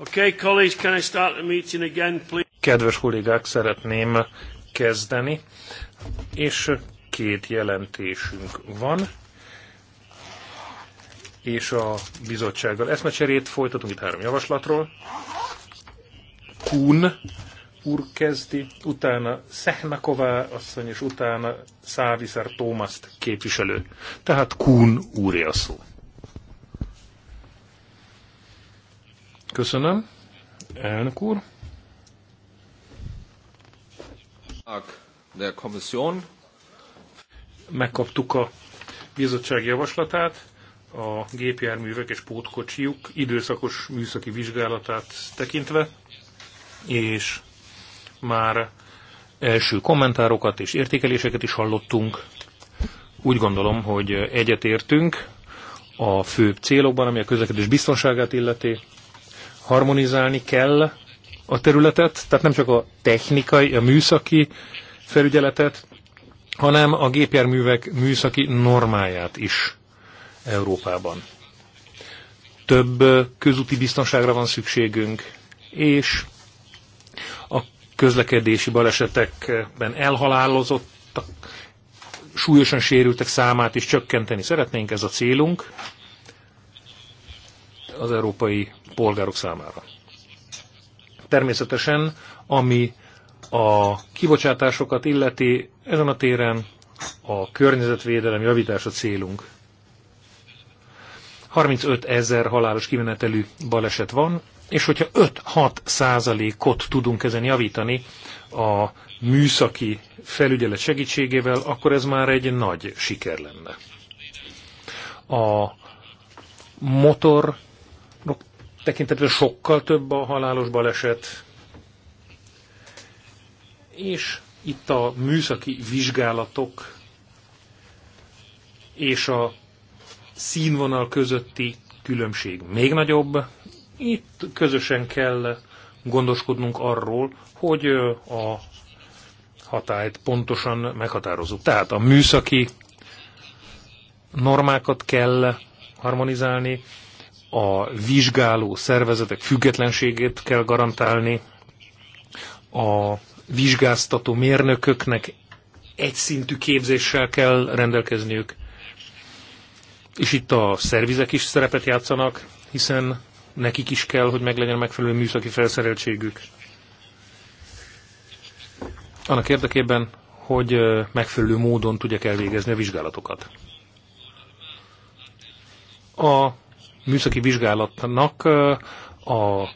Okay, can I start the meeting again, please? Kedves kollégák, szeretném kezdeni, és két jelentésünk van, és a bizottsággal eszmecserét folytatunk itt három javaslatról. Kun úr kezdi, utána Szehnaková asszony, és utána Száviszer Tómaszt képviselő. Tehát Kun úré a szó. Köszönöm, elnök úr. Der Kommission. Megkaptuk a bizottság javaslatát a gépjárművek és pótkocsijuk időszakos műszaki vizsgálatát tekintve, és már első kommentárokat és értékeléseket is hallottunk. Úgy gondolom, hogy egyetértünk a fő célokban, ami a közlekedés biztonságát illeti, harmonizálni kell a területet, tehát nem csak a technikai, a műszaki felügyeletet, hanem a gépjárművek műszaki normáját is Európában. Több közúti biztonságra van szükségünk, és a közlekedési balesetekben elhalálozottak, súlyosan sérültek számát is csökkenteni szeretnénk, ez a célunk. Az Európai polgárok számára. Természetesen, ami a kibocsátásokat illeti, ezen a téren a környezetvédelem javítása célunk. 35 ezer halálos kimenetelű baleset van, és hogyha 5-6 százalékot tudunk ezen javítani a műszaki felügyelet segítségével, akkor ez már egy nagy siker lenne. A motor tekintetben sokkal több a halálos baleset, és itt a műszaki vizsgálatok és a színvonal közötti különbség még nagyobb. Itt közösen kell gondoskodnunk arról, hogy a hatályt pontosan meghatározunk. Tehát a műszaki normákat kell harmonizálni, a vizsgáló szervezetek függetlenségét kell garantálni, a vizsgáztató mérnököknek egyszintű képzéssel kell rendelkezniük, és itt a szervizek is szerepet játszanak, hiszen nekik is kell, hogy meglegyen megfelelő műszaki felszereltségük. Annak érdekében, hogy megfelelő módon tudják elvégezni a vizsgálatokat. A műszaki vizsgálatnak a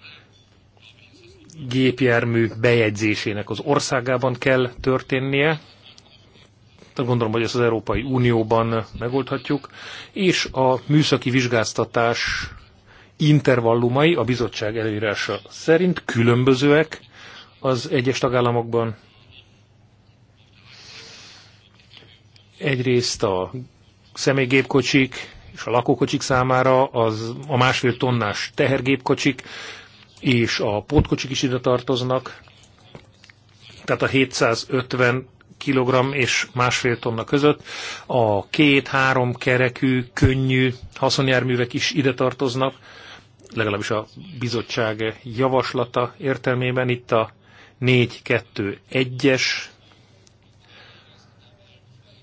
gépjármű bejegyzésének az országában kell történnie. Gondolom, hogy ezt az Európai Unióban megoldhatjuk. És a műszaki vizsgáztatás intervallumai a bizottság előírása szerint különbözőek az egyes tagállamokban. Egyrészt a személygépkocsik és a lakókocsik számára az a másfél tonnás tehergépkocsik és a pótkocsik is ide tartoznak, tehát a 750 kg és másfél tonna között. A két-három kerekű, könnyű haszonjárművek is ide tartoznak, legalábbis a bizottság javaslata értelmében. Itt a 4-2-1-es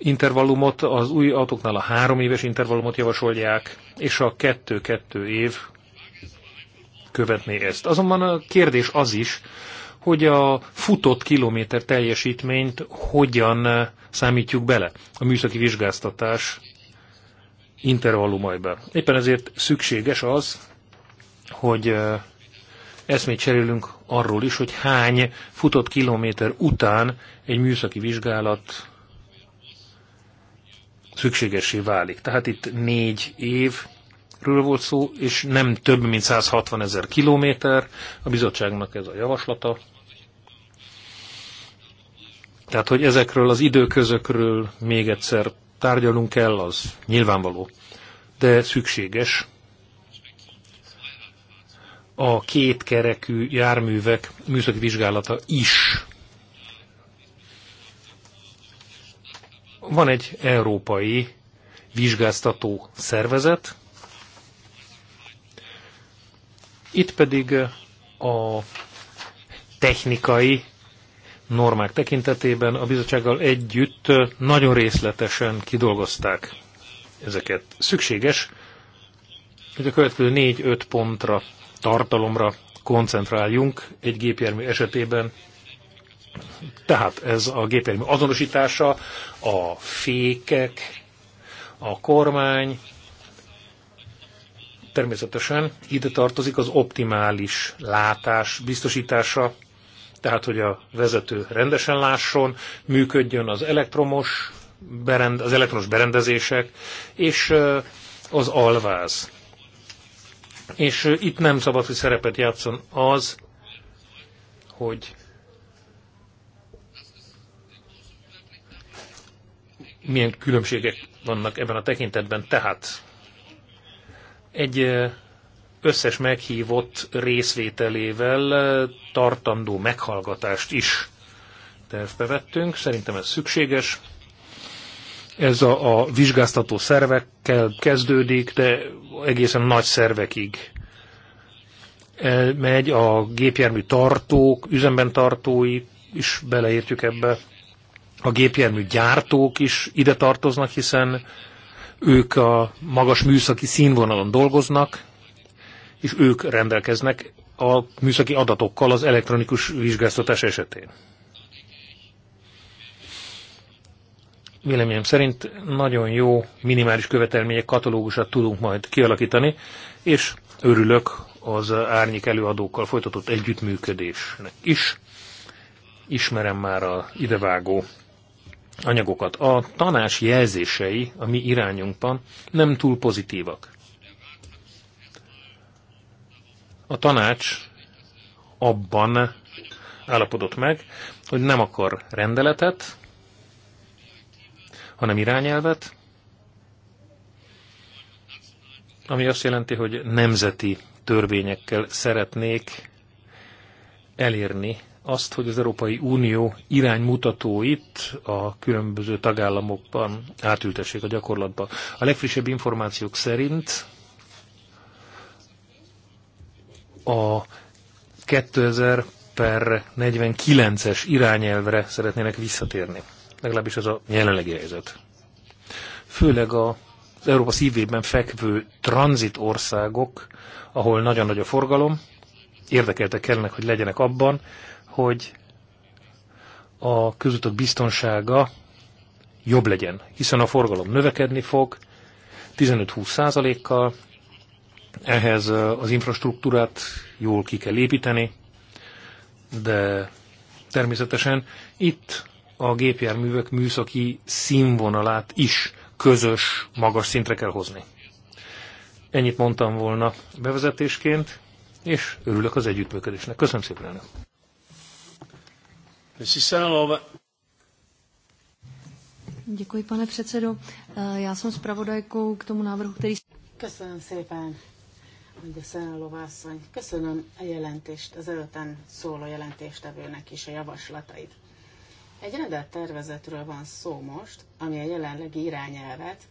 intervallumot, az új autóknál a három éves intervallumot javasolják, és a kettő-kettő év követné ezt. Azonban a kérdés az is, hogy a futott kilométer teljesítményt hogyan számítjuk bele a műszaki vizsgáztatás intervallumaiba. Éppen ezért szükséges az, hogy eszmét cserélünk arról is, hogy hány futott kilométer után egy műszaki vizsgálat szükségesé válik. Tehát itt négy évről volt szó, és nem több, mint 160 ezer kilométer. A bizottságnak ez a javaslata. Tehát, hogy ezekről az időközökről még egyszer tárgyalunk kell, az nyilvánvaló. De szükséges a kétkerekű járművek műszaki vizsgálata is Van egy európai vizsgáztató szervezet, itt pedig a technikai normák tekintetében a bizottsággal együtt nagyon részletesen kidolgozták ezeket. Szükséges, hogy a következő 4-5 pontra, tartalomra koncentráljunk egy gépjármű esetében, tehát ez a gépjármű azonosítása, a fékek, a kormány, természetesen ide tartozik az optimális látás biztosítása, tehát hogy a vezető rendesen lásson, működjön az elektromos, berend, az elektromos berendezések, és az alváz. És itt nem szabad, hogy szerepet játszon az, hogy milyen különbségek vannak ebben a tekintetben. Tehát egy összes meghívott részvételével tartandó meghallgatást is tervbe vettünk. Szerintem ez szükséges. Ez a, a vizsgáztató szervekkel kezdődik, de egészen nagy szervekig megy a gépjármű tartók, üzemben tartói is beleértjük ebbe a gépjármű gyártók is ide tartoznak, hiszen ők a magas műszaki színvonalon dolgoznak, és ők rendelkeznek a műszaki adatokkal az elektronikus vizsgáztatás esetén. Véleményem szerint nagyon jó minimális követelmények katalógusát tudunk majd kialakítani, és örülök az árnyék előadókkal folytatott együttműködésnek is. Ismerem már a idevágó anyagokat. A tanács jelzései a mi irányunkban nem túl pozitívak. A tanács abban állapodott meg, hogy nem akar rendeletet, hanem irányelvet, ami azt jelenti, hogy nemzeti törvényekkel szeretnék elérni azt, hogy az Európai Unió iránymutatóit a különböző tagállamokban átültessék a gyakorlatba. A legfrissebb információk szerint a 2000 per 49-es irányelvre szeretnének visszatérni. Legalábbis ez a jelenlegi helyzet. Főleg a az Európa szívében fekvő tranzit országok, ahol nagyon nagy a forgalom, érdekeltek kellene, hogy legyenek abban, hogy a közutak biztonsága jobb legyen, hiszen a forgalom növekedni fog 15-20 százalékkal, ehhez az infrastruktúrát jól ki kell építeni, de természetesen itt a gépjárművek műszaki színvonalát is közös, magas szintre kell hozni. Ennyit mondtam volna bevezetésként, és örülök az együttműködésnek. Köszönöm szépen, Děkuji, pane předsedo. Eh, já jsem zpravodajkou k tomu návrhu, který... Köszönöm szépen, mondja Szenáló asszony. Köszönöm a jelentést, az előtten szóló jelentéstevőnek is a javaslatait. Egy rendelt tervezetről van szó most, ami a jelenlegi irányelvet,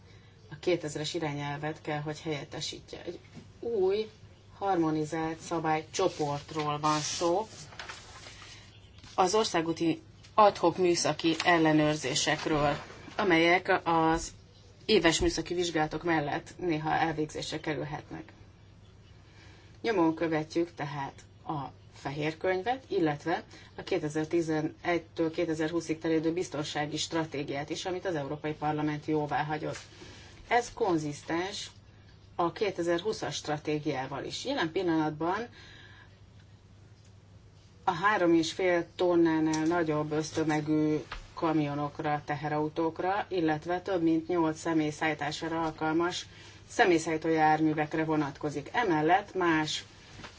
a 2000-es irányelvet kell, hogy helyettesítje. Egy új, harmonizált szabálycsoportról van szó, az országúti adhok műszaki ellenőrzésekről, amelyek az éves műszaki vizsgálatok mellett néha elvégzésre kerülhetnek. Nyomon követjük tehát a fehér könyvet, illetve a 2011-től 2020-ig terjedő biztonsági stratégiát is, amit az Európai Parlament jóvá hagyott. Ez konzisztens a 2020-as stratégiával is. Jelen pillanatban a három és fél tonnánál nagyobb ösztömegű kamionokra, teherautókra, illetve több mint nyolc személyszállítására alkalmas személyszállító járművekre vonatkozik. Emellett más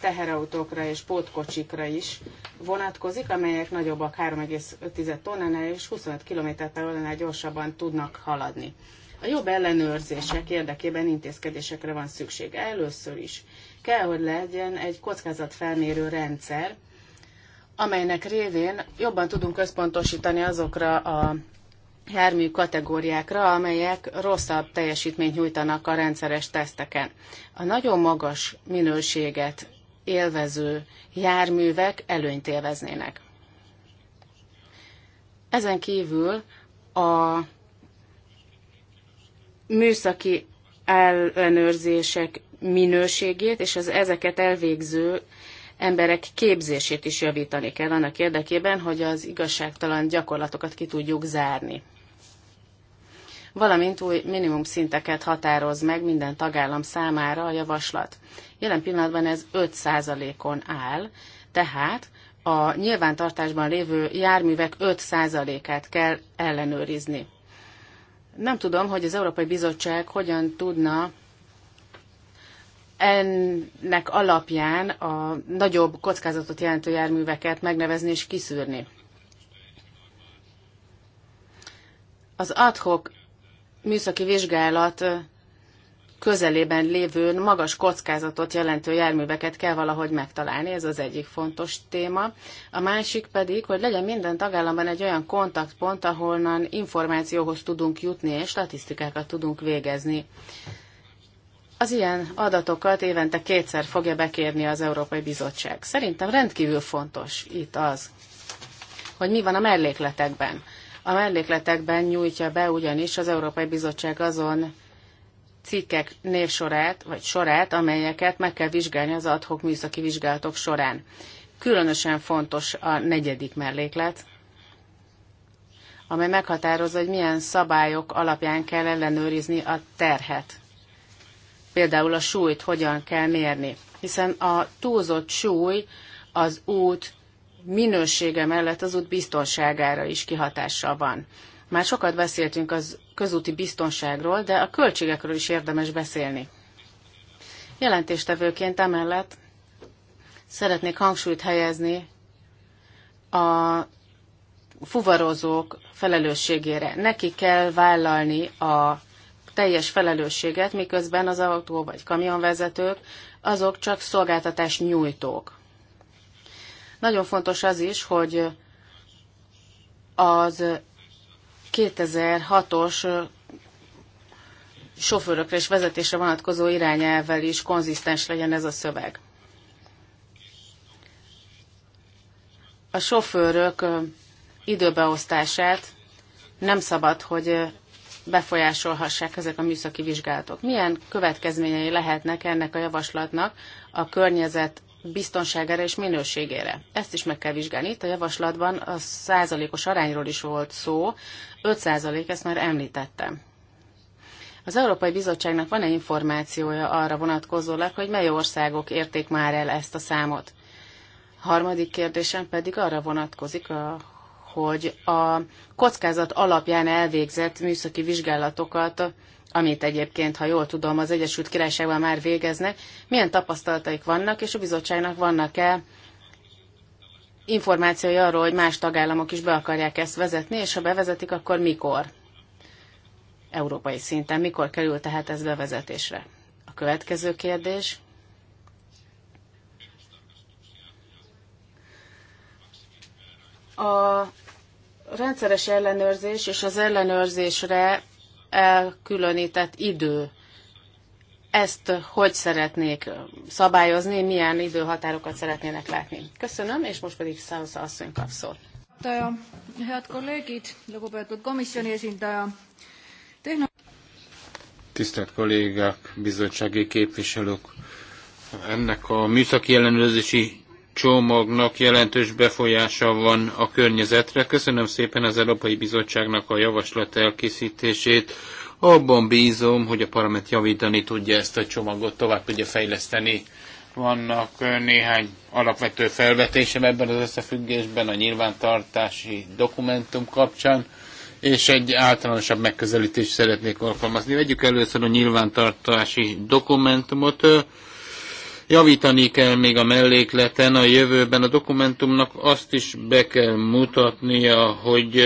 teherautókra és pótkocsikra is vonatkozik, amelyek nagyobbak 3,5 tonnánál és 25 km h gyorsabban tudnak haladni. A jobb ellenőrzések érdekében intézkedésekre van szükség. Először is kell, hogy legyen egy kockázatfelmérő rendszer, amelynek révén jobban tudunk összpontosítani azokra a jármű kategóriákra, amelyek rosszabb teljesítményt nyújtanak a rendszeres teszteken. A nagyon magas minőséget élvező járművek előnyt élveznének. Ezen kívül a műszaki ellenőrzések minőségét és az ezeket elvégző emberek képzését is javítani kell annak érdekében, hogy az igazságtalan gyakorlatokat ki tudjuk zárni. Valamint új minimum szinteket határoz meg minden tagállam számára a javaslat. Jelen pillanatban ez 5%-on áll, tehát a nyilvántartásban lévő járművek 5%-át kell ellenőrizni. Nem tudom, hogy az Európai Bizottság hogyan tudna ennek alapján a nagyobb kockázatot jelentő járműveket megnevezni és kiszűrni. Az adhok műszaki vizsgálat közelében lévő magas kockázatot jelentő járműveket kell valahogy megtalálni, ez az egyik fontos téma. A másik pedig, hogy legyen minden tagállamban egy olyan kontaktpont, ahonnan információhoz tudunk jutni és statisztikákat tudunk végezni az ilyen adatokat évente kétszer fogja bekérni az Európai Bizottság. Szerintem rendkívül fontos itt az, hogy mi van a mellékletekben. A mellékletekben nyújtja be ugyanis az Európai Bizottság azon cikkek névsorát, vagy sorát, amelyeket meg kell vizsgálni az adhok műszaki vizsgálatok során. Különösen fontos a negyedik melléklet, amely meghatározza, hogy milyen szabályok alapján kell ellenőrizni a terhet például a súlyt hogyan kell mérni, hiszen a túlzott súly az út minősége mellett az út biztonságára is kihatással van. Már sokat beszéltünk az közúti biztonságról, de a költségekről is érdemes beszélni. Jelentéstevőként emellett szeretnék hangsúlyt helyezni a fuvarozók felelősségére. Neki kell vállalni a teljes felelősséget, miközben az autó vagy kamionvezetők azok csak szolgáltatás nyújtók. Nagyon fontos az is, hogy az 2006-os sofőrökre és vezetésre vonatkozó irányelvvel is konzisztens legyen ez a szöveg. A sofőrök időbeosztását nem szabad, hogy befolyásolhassák ezek a műszaki vizsgálatok. Milyen következményei lehetnek ennek a javaslatnak a környezet biztonságára és minőségére. Ezt is meg kell vizsgálni. Itt a javaslatban a százalékos arányról is volt szó, 5 százalék, ezt már említettem. Az Európai Bizottságnak van-e információja arra vonatkozólag, hogy mely országok érték már el ezt a számot? Harmadik kérdésem pedig arra vonatkozik, a, hogy a kockázat alapján elvégzett műszaki vizsgálatokat, amit egyébként, ha jól tudom, az Egyesült Királyságban már végeznek, milyen tapasztalataik vannak, és a bizottságnak vannak-e információi arról, hogy más tagállamok is be akarják ezt vezetni, és ha bevezetik, akkor mikor? Európai szinten mikor kerül tehát ez bevezetésre? A következő kérdés. A a rendszeres ellenőrzés és az ellenőrzésre elkülönített idő. Ezt hogy szeretnék szabályozni, milyen időhatárokat szeretnének látni? Köszönöm, és most pedig Száusza asszony kap szót. Eh, Tisztelt kollégák, bizottsági képviselők! Ennek a műszaki ellenőrzési csomagnak jelentős befolyása van a környezetre. Köszönöm szépen az Európai Bizottságnak a javaslat elkészítését. Abban bízom, hogy a parlament javítani tudja ezt a csomagot, tovább tudja fejleszteni. Vannak néhány alapvető felvetésem ebben az összefüggésben a nyilvántartási dokumentum kapcsán, és egy általánosabb megközelítést szeretnék alkalmazni. Vegyük először a nyilvántartási dokumentumot Javítani kell még a mellékleten a jövőben a dokumentumnak azt is be kell mutatnia, hogy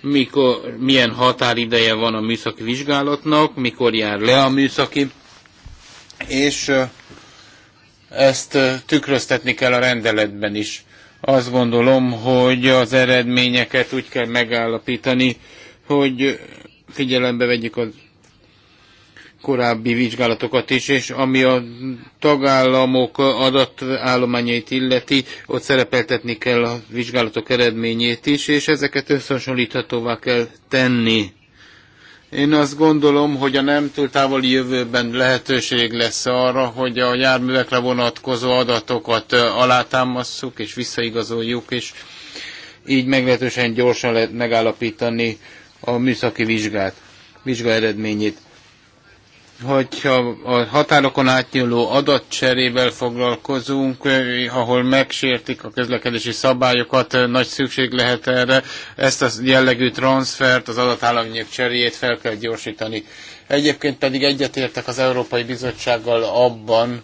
mikor, milyen határideje van a műszaki vizsgálatnak, mikor jár le a műszaki, és ezt tükröztetni kell a rendeletben is. Azt gondolom, hogy az eredményeket úgy kell megállapítani, hogy figyelembe vegyük az korábbi vizsgálatokat is, és ami a tagállamok adatállományait illeti, ott szerepeltetni kell a vizsgálatok eredményét is, és ezeket összehasonlíthatóvá kell tenni. Én azt gondolom, hogy a nem túl távoli jövőben lehetőség lesz arra, hogy a járművekre vonatkozó adatokat alátámasszuk és visszaigazoljuk, és így meglehetősen gyorsan lehet megállapítani a műszaki vizsgát, vizsga eredményét hogyha a határokon átnyúló adatcserével foglalkozunk, eh, ahol megsértik a közlekedési szabályokat, eh, nagy szükség lehet erre. Ezt a jellegű transfert, az adatállományok cseréjét fel kell gyorsítani. Egyébként pedig egyetértek az Európai Bizottsággal abban,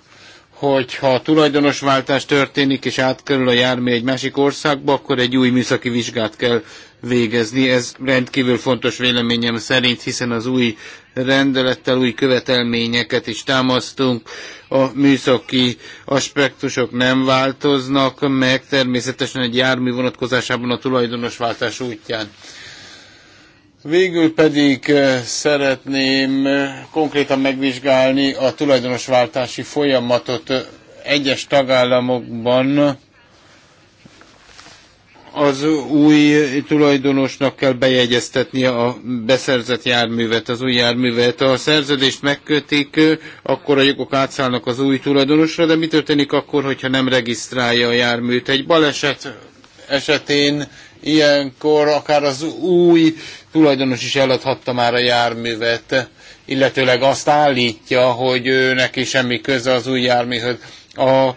hogyha tulajdonosváltás történik és átkerül a jármű egy másik országba, akkor egy új műszaki vizsgát kell végezni. Ez rendkívül fontos véleményem szerint, hiszen az új rendelettel új követelményeket is támasztunk. A műszaki aspektusok nem változnak meg, természetesen egy jármű vonatkozásában a tulajdonos váltás útján. Végül pedig eh, szeretném eh, konkrétan megvizsgálni a tulajdonosváltási folyamatot egyes tagállamokban az új tulajdonosnak kell bejegyeztetni a beszerzett járművet, az új járművet. Ha a szerződést megkötik, akkor a jogok átszállnak az új tulajdonosra, de mi történik akkor, hogyha nem regisztrálja a járműt? Egy baleset esetén ilyenkor akár az új tulajdonos is eladhatta már a járművet, illetőleg azt állítja, hogy ő neki semmi köze az új járműhöz. A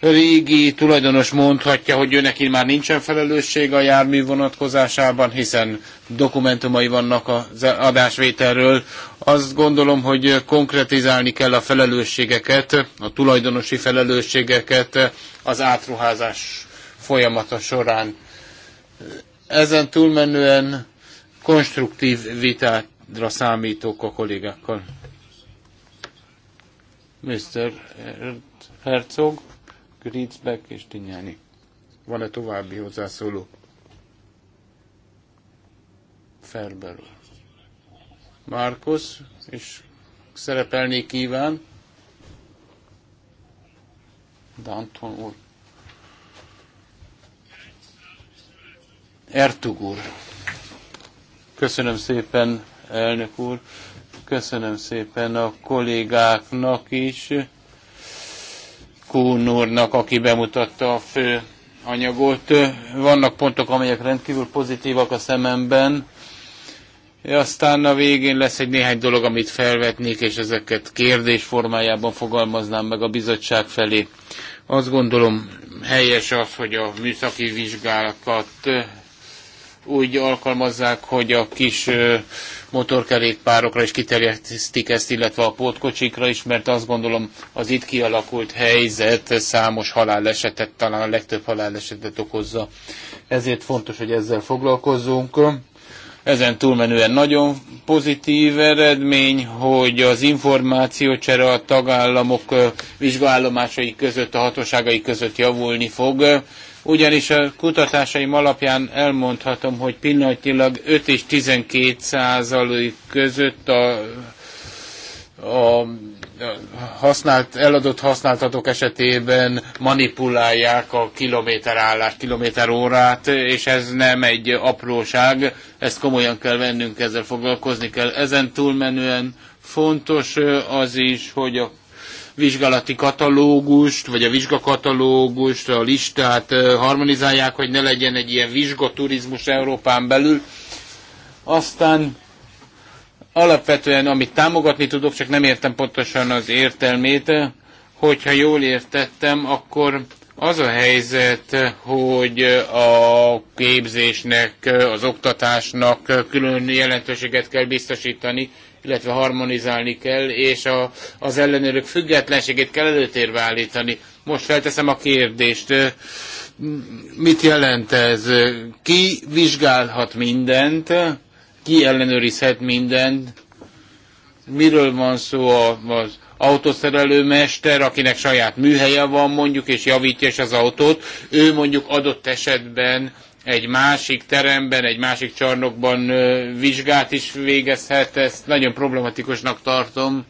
régi tulajdonos mondhatja, hogy ő neki már nincsen felelősség a jármű vonatkozásában, hiszen dokumentumai vannak az adásvételről. Azt gondolom, hogy konkretizálni kell a felelősségeket, a tulajdonosi felelősségeket az átruházás folyamata során. Ezen túlmenően konstruktív vitára számítok a kollégákkal. Mr. Herzog. Gritzbeck és Tinyáni. Van-e további hozzászóló? Ferber. Márkusz, és szerepelni kíván. Danton úr. Ertug úr. Köszönöm szépen, elnök úr. Köszönöm szépen a kollégáknak is Kuhn úrnak, aki bemutatta a fő anyagot. Vannak pontok, amelyek rendkívül pozitívak a szememben. Aztán a végén lesz egy néhány dolog, amit felvetnék, és ezeket kérdés formájában fogalmaznám meg a bizottság felé. Azt gondolom helyes az, hogy a műszaki vizsgálakat úgy alkalmazzák, hogy a kis motorkerékpárokra is kiterjesztik ezt, illetve a pótkocsikra is, mert azt gondolom az itt kialakult helyzet számos halálesetet, talán a legtöbb halálesetet okozza. Ezért fontos, hogy ezzel foglalkozzunk. Ezen túlmenően nagyon pozitív eredmény, hogy az információcsere a tagállamok vizsgálomásai között, a hatóságai között javulni fog, ugyanis a kutatásaim alapján elmondhatom, hogy pillanatilag 5 és 12 százalék között a a használt, eladott használtatók esetében manipulálják a kilométerállás, kilométerórát, és ez nem egy apróság, ezt komolyan kell vennünk, ezzel foglalkozni kell. Ezen túlmenően fontos az is, hogy a vizsgálati katalógust, vagy a vizsgakatalógust, a listát harmonizálják, hogy ne legyen egy ilyen vizsgaturizmus Európán belül. Aztán alapvetően, amit támogatni tudok, csak nem értem pontosan az értelmét, hogyha jól értettem, akkor az a helyzet, hogy a képzésnek, az oktatásnak külön jelentőséget kell biztosítani, illetve harmonizálni kell, és a, az ellenőrök függetlenségét kell előtérbe állítani. Most felteszem a kérdést, mit jelent ez? Ki vizsgálhat mindent? ki ellenőrizhet mindent, miről van szó az autószerelő mester, akinek saját műhelye van mondjuk, és javítja is az autót, ő mondjuk adott esetben egy másik teremben, egy másik csarnokban vizsgát is végezhet, ezt nagyon problematikusnak tartom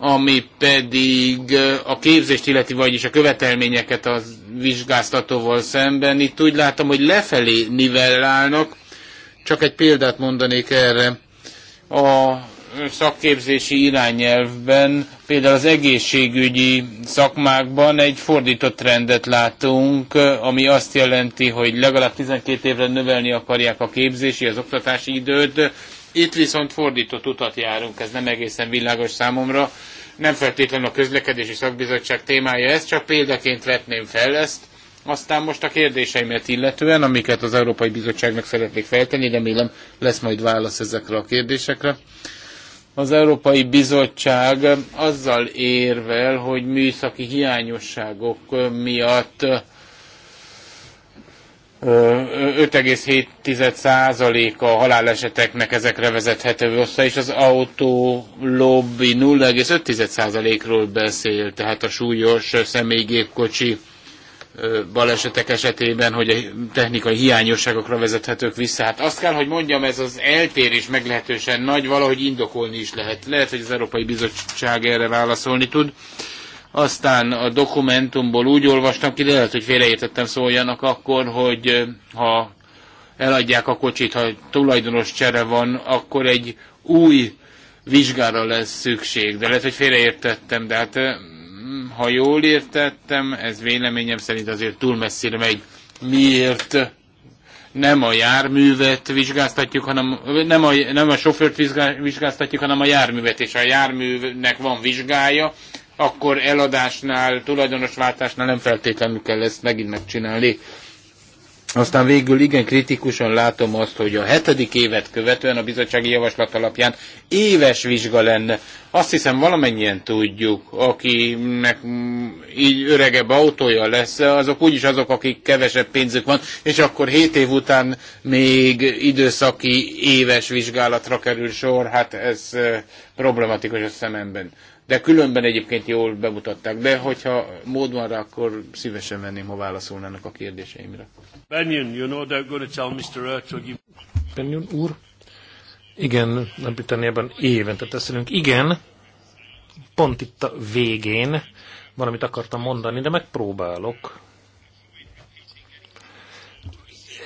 ami pedig a képzést illeti, vagyis a követelményeket a vizsgáztatóval szemben. Itt úgy látom, hogy lefelé nivellálnak, csak egy példát mondanék erre. A szakképzési irányelvben, például az egészségügyi szakmákban egy fordított trendet látunk, ami azt jelenti, hogy legalább 12 évre növelni akarják a képzési, az oktatási időt. Itt viszont fordított utat járunk, ez nem egészen világos számomra. Nem feltétlenül a közlekedési szakbizottság témája ez, csak példaként vetném fel ezt. Aztán most a kérdéseimet illetően, amiket az Európai Bizottságnak szeretnék feltenni, remélem lesz majd válasz ezekre a kérdésekre. Az Európai Bizottság azzal érvel, hogy műszaki hiányosságok miatt 5,7% a haláleseteknek ezekre vezethető vissza, és az autó lobby 0,5%-ról beszél, tehát a súlyos személygépkocsi balesetek esetében, hogy a technikai hiányosságokra vezethetők vissza. Hát azt kell, hogy mondjam, ez az eltérés meglehetősen nagy, valahogy indokolni is lehet. Lehet, hogy az Európai Bizottság erre válaszolni tud. Aztán a dokumentumból úgy olvastam ki, de lehet, hogy félreértettem szóljanak akkor, hogy ha eladják a kocsit, ha tulajdonos csere van, akkor egy új vizsgára lesz szükség. De lehet, hogy félreértettem, de hát ha jól értettem, ez véleményem szerint azért túl messzire megy. Miért nem a járművet vizsgáztatjuk, hanem nem a, nem a sofőrt vizsgáztatjuk, hanem a járművet, és a járműnek van vizsgája, akkor eladásnál, tulajdonosváltásnál nem feltétlenül kell ezt megint megcsinálni. Aztán végül igen kritikusan látom azt, hogy a hetedik évet követően a bizottsági javaslat alapján éves vizsga lenne. Azt hiszem valamennyien tudjuk, akinek így öregebb autója lesz, azok úgyis azok, akik kevesebb pénzük van, és akkor hét év után még időszaki éves vizsgálatra kerül sor, hát ez eh, problematikus a szememben. De különben egyébként jól bemutatták, de hogyha mód van rá, akkor szívesen venném, ha válaszolnának a kérdéseimre. Benyon, you know they're going to tell Mr. Ertug you... Benyon úr? Igen, nem Britanniában évente teszünk. Igen, pont itt a végén valamit akartam mondani, de megpróbálok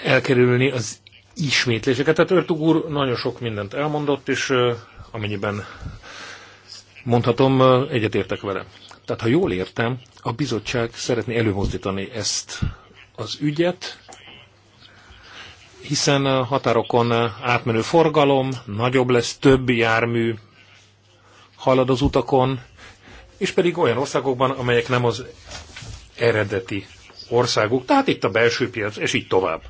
elkerülni az ismétléseket. Tehát Örtug úr nagyon sok mindent elmondott, és amennyiben mondhatom, egyetértek vele. Tehát, ha jól értem, a bizottság szeretné előmozdítani ezt az ügyet, hiszen a határokon átmenő forgalom, nagyobb lesz, több jármű halad az utakon, és pedig olyan országokban, amelyek nem az eredeti országuk, tehát itt a belső piac, és így tovább.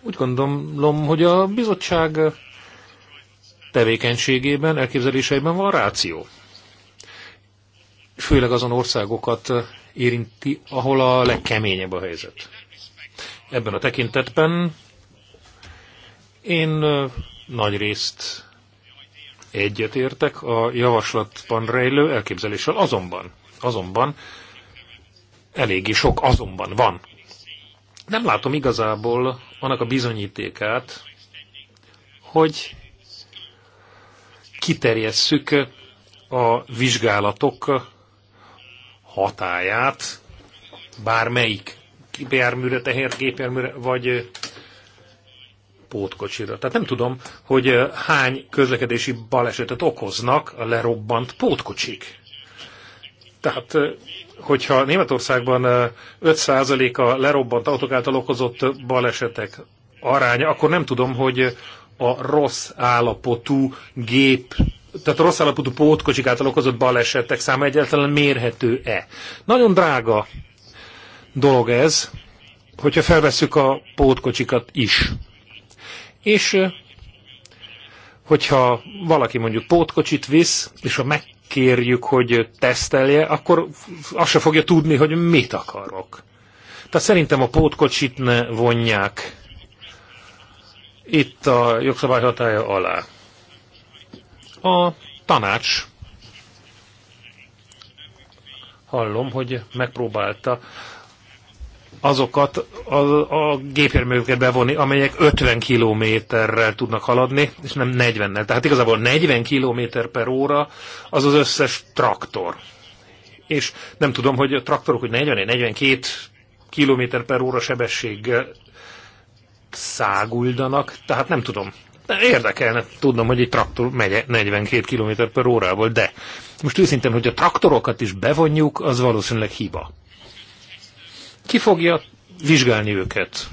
Úgy gondolom, hogy a bizottság tevékenységében, elképzeléseiben van ráció. Főleg azon országokat érinti, ahol a legkeményebb a helyzet. Ebben a tekintetben én nagy részt egyetértek a javaslatban rejlő elképzeléssel, azonban, azonban eléggé sok azonban van. Nem látom igazából annak a bizonyítékát, hogy kiterjesszük a vizsgálatok hatáját bármelyik gépjárműre, tehergépjárműre, vagy pótkocsira. Tehát nem tudom, hogy hány közlekedési balesetet okoznak a lerobbant pótkocsik. Tehát, hogyha Németországban 5% a lerobbant autók által okozott balesetek aránya, akkor nem tudom, hogy a rossz állapotú gép, tehát a rossz állapotú pótkocsik által okozott balesetek száma egyáltalán mérhető-e. Nagyon drága dolog ez, hogyha felveszük a pótkocsikat is. És hogyha valaki mondjuk pótkocsit visz, és ha megkérjük, hogy tesztelje, akkor azt se fogja tudni, hogy mit akarok. Tehát szerintem a pótkocsit ne vonják itt a jogszabály hatája alá. A tanács, hallom, hogy megpróbálta azokat a, a gépjárműveket bevonni, amelyek 50 kilométerrel tudnak haladni, és nem 40-nel. Tehát igazából 40 kilométer per óra az az összes traktor. És nem tudom, hogy a traktorok, hogy 40-42 kilométer per óra sebességgel száguldanak, tehát nem tudom. Érdekelne tudnom, hogy egy traktor megy 42 km per órával, de most őszintén, hogy a traktorokat is bevonjuk, az valószínűleg hiba. Ki fogja vizsgálni őket?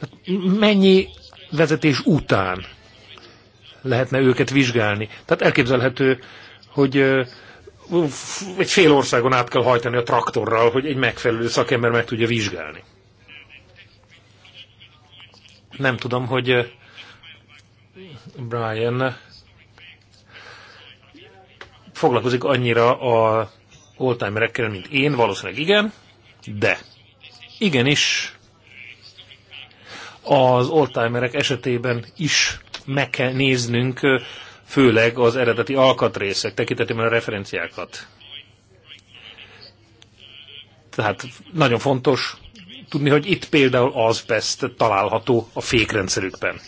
Hát mennyi vezetés után lehetne őket vizsgálni? Tehát elképzelhető, hogy egy fél országon át kell hajtani a traktorral, hogy egy megfelelő szakember meg tudja vizsgálni. Nem tudom, hogy Brian foglalkozik annyira a oldtimerekkel, mint én, valószínűleg igen, de igenis az oldtimerek esetében is meg kell néznünk, főleg az eredeti alkatrészek tekintetében a referenciákat. Tehát nagyon fontos tudni, hogy itt például best található a fékrendszerükben.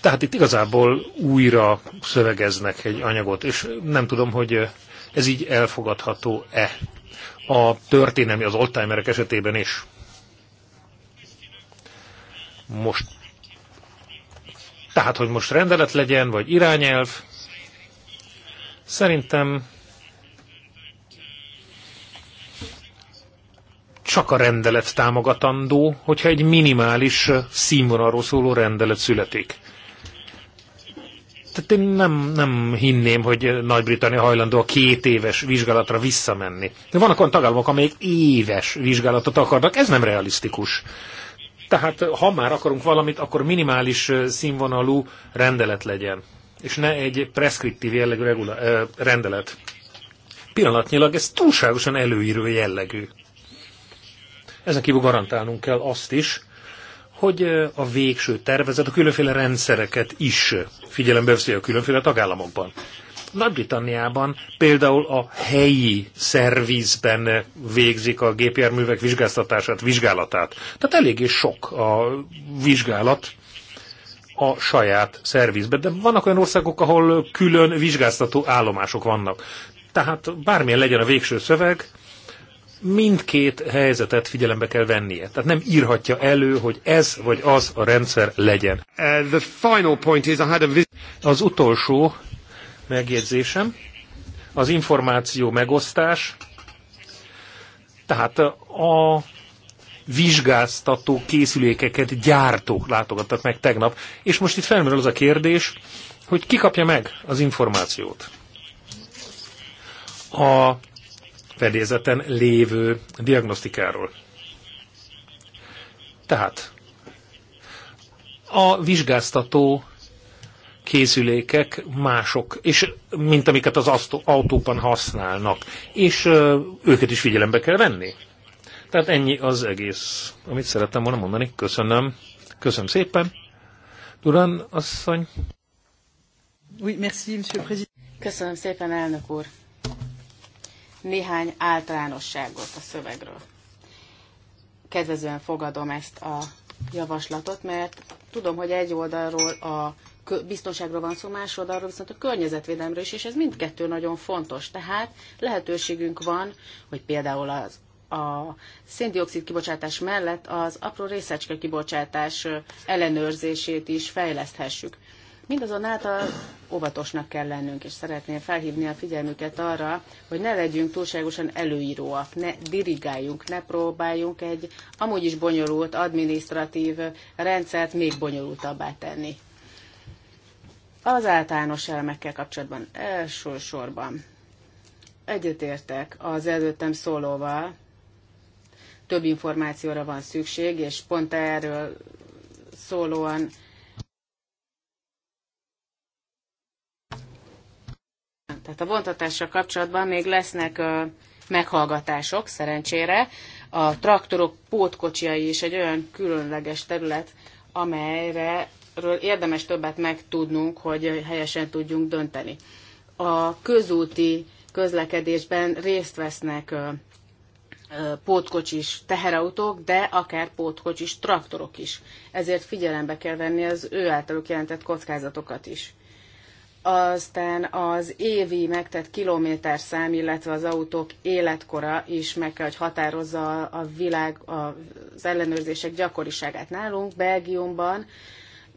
Tehát itt igazából újra szövegeznek egy anyagot, és nem tudom, hogy ez így elfogadható-e a történelmi, az oldtimerek esetében is. Most. Tehát, hogy most rendelet legyen, vagy irányelv, szerintem csak a rendelet támogatandó, hogyha egy minimális színvonalról szóló rendelet születik. Tehát én nem, nem hinném, hogy Nagy-Britannia hajlandó a két éves vizsgálatra visszamenni. De vannak olyan tagállamok, amelyek éves vizsgálatot akarnak, ez nem realisztikus. Tehát ha már akarunk valamit, akkor minimális színvonalú rendelet legyen, és ne egy preszkriptív jellegű regula, eh, rendelet. Pillanatnyilag ez túlságosan előírő jellegű. Ezen kívül garantálnunk kell azt is, hogy a végső tervezet a különféle rendszereket is figyelembe veszi a különféle tagállamokban. Nagy-Britanniában például a helyi szervizben végzik a gépjárművek vizsgáztatását, vizsgálatát. Tehát eléggé sok a vizsgálat a saját szervizben. De vannak olyan országok, ahol külön vizsgáztató állomások vannak. Tehát bármilyen legyen a végső szöveg, mindkét helyzetet figyelembe kell vennie. Tehát nem írhatja elő, hogy ez vagy az a rendszer legyen. Uh, az utolsó megjegyzésem, az információ megosztás, tehát a vizsgáztató készülékeket gyártók látogattak meg tegnap, és most itt felmerül az a kérdés, hogy ki kapja meg az információt. A fedélzeten lévő diagnosztikáról. Tehát a vizsgáztató készülékek mások, és mint amiket az autóban használnak, és őket is figyelembe kell venni. Tehát ennyi az egész, amit szerettem volna mondani. Köszönöm. Köszönöm szépen. Durán asszony. Oui, merci, monsieur président. Köszönöm szépen, elnök úr néhány általánosságot a szövegről. Kedvezően fogadom ezt a javaslatot, mert tudom, hogy egy oldalról a biztonságról van szó, más oldalról viszont a környezetvédelemről is, és ez mindkettő nagyon fontos. Tehát lehetőségünk van, hogy például az a széndiokszid kibocsátás mellett az apró részecske kibocsátás ellenőrzését is fejleszthessük. Mindazonáltal óvatosnak kell lennünk, és szeretném felhívni a figyelmüket arra, hogy ne legyünk túlságosan előíróak, ne dirigáljunk, ne próbáljunk egy amúgy is bonyolult administratív rendszert még bonyolultabbá tenni. Az általános elemekkel kapcsolatban elsősorban egyetértek az előttem szólóval, több információra van szükség, és pont erről szólóan Tehát a vontatással kapcsolatban még lesznek meghallgatások, szerencsére. A traktorok pótkocsiai is egy olyan különleges terület, amelyre érdemes többet megtudnunk, hogy helyesen tudjunk dönteni. A közúti közlekedésben részt vesznek pótkocsis teherautók, de akár pótkocsis traktorok is. Ezért figyelembe kell venni az ő általuk jelentett kockázatokat is aztán az évi megtett kilométerszám, illetve az autók életkora is meg kell, hogy határozza a világ az ellenőrzések gyakoriságát nálunk, Belgiumban.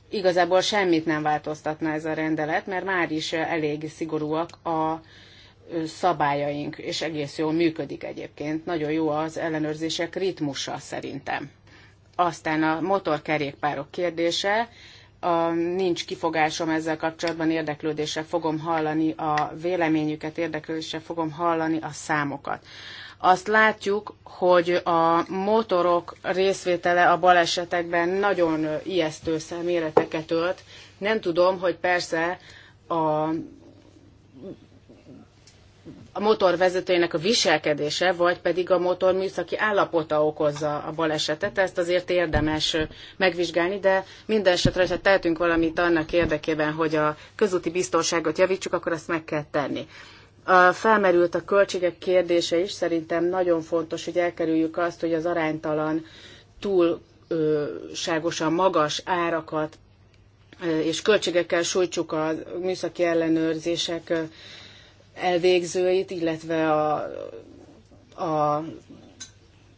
Igazából semmit nem változtatna ez a rendelet, mert már is elég szigorúak a szabályaink, és egész jól működik egyébként. Nagyon jó az ellenőrzések ritmusa szerintem. Aztán a motorkerékpárok kérdése a, nincs kifogásom ezzel kapcsolatban, érdeklődéssel fogom hallani a véleményüket, érdeklődéssel fogom hallani a számokat. Azt látjuk, hogy a motorok részvétele a balesetekben nagyon ijesztő méreteket ölt. Nem tudom, hogy persze a a motor vezetőjének a viselkedése, vagy pedig a motor műszaki állapota okozza a balesetet. Ezt azért érdemes megvizsgálni, de minden esetre, ha tehetünk valamit annak érdekében, hogy a közúti biztonságot javítsuk, akkor ezt meg kell tenni. A felmerült a költségek kérdése is, szerintem nagyon fontos, hogy elkerüljük azt, hogy az aránytalan túlságosan magas árakat és költségekkel sújtsuk a műszaki ellenőrzések elvégzőit, illetve a, a,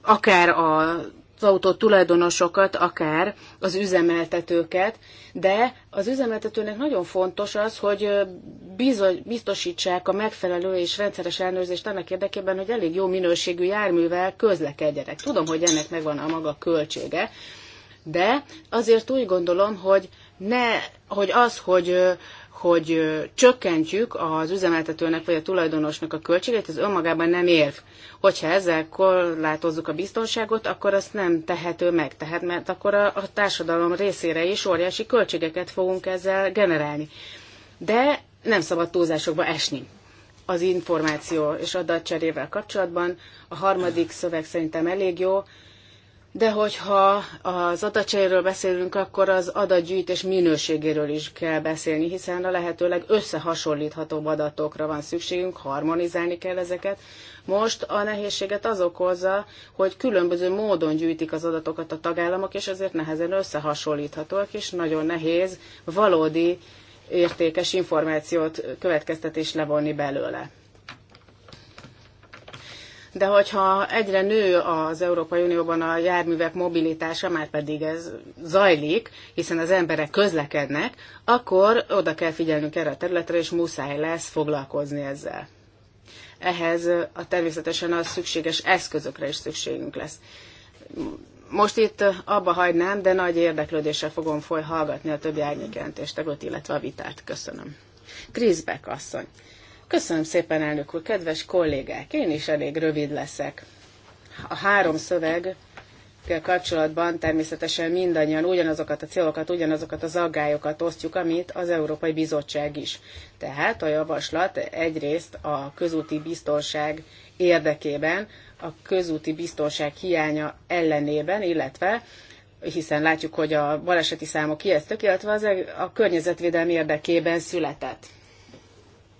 akár a az autó tulajdonosokat, akár az üzemeltetőket, de az üzemeltetőnek nagyon fontos az, hogy bizony, biztosítsák a megfelelő és rendszeres ellenőrzést annak érdekében, hogy elég jó minőségű járművel közlekedjenek. Tudom, hogy ennek megvan a maga költsége, de azért úgy gondolom, hogy ne, hogy az, hogy hogy csökkentjük az üzemeltetőnek vagy a tulajdonosnak a költségét, ez önmagában nem érv. Hogyha ezzel korlátozzuk a biztonságot, akkor azt nem tehető meg, tehát mert akkor a, a társadalom részére is óriási költségeket fogunk ezzel generálni. De nem szabad túlzásokba esni az információ és adatcserével kapcsolatban. A harmadik szöveg szerintem elég jó, de hogyha az adatcseréről beszélünk, akkor az adatgyűjtés minőségéről is kell beszélni, hiszen a lehetőleg összehasonlíthatóbb adatokra van szükségünk, harmonizálni kell ezeket. Most a nehézséget az okozza, hogy különböző módon gyűjtik az adatokat a tagállamok, és ezért nehezen összehasonlíthatóak, és nagyon nehéz valódi értékes információt, következtetés levonni belőle de hogyha egyre nő az Európai Unióban a járművek mobilitása, már pedig ez zajlik, hiszen az emberek közlekednek, akkor oda kell figyelnünk erre a területre, és muszáj lesz foglalkozni ezzel. Ehhez a természetesen a szükséges eszközökre is szükségünk lesz. Most itt abba hagynám, de nagy érdeklődéssel fogom foly hallgatni a többi árnyékjelentést, illetve a vitát. Köszönöm. Kriszbek asszony. Köszönöm szépen, elnök úr, kedves kollégák, én is elég rövid leszek. A három szöveg kapcsolatban természetesen mindannyian ugyanazokat a célokat, ugyanazokat az aggályokat osztjuk, amit az Európai Bizottság is. Tehát a javaslat egyrészt a közúti biztonság érdekében, a közúti biztonság hiánya ellenében, illetve hiszen látjuk, hogy a baleseti számok ijesztők, illetve az e- a környezetvédelmi érdekében született.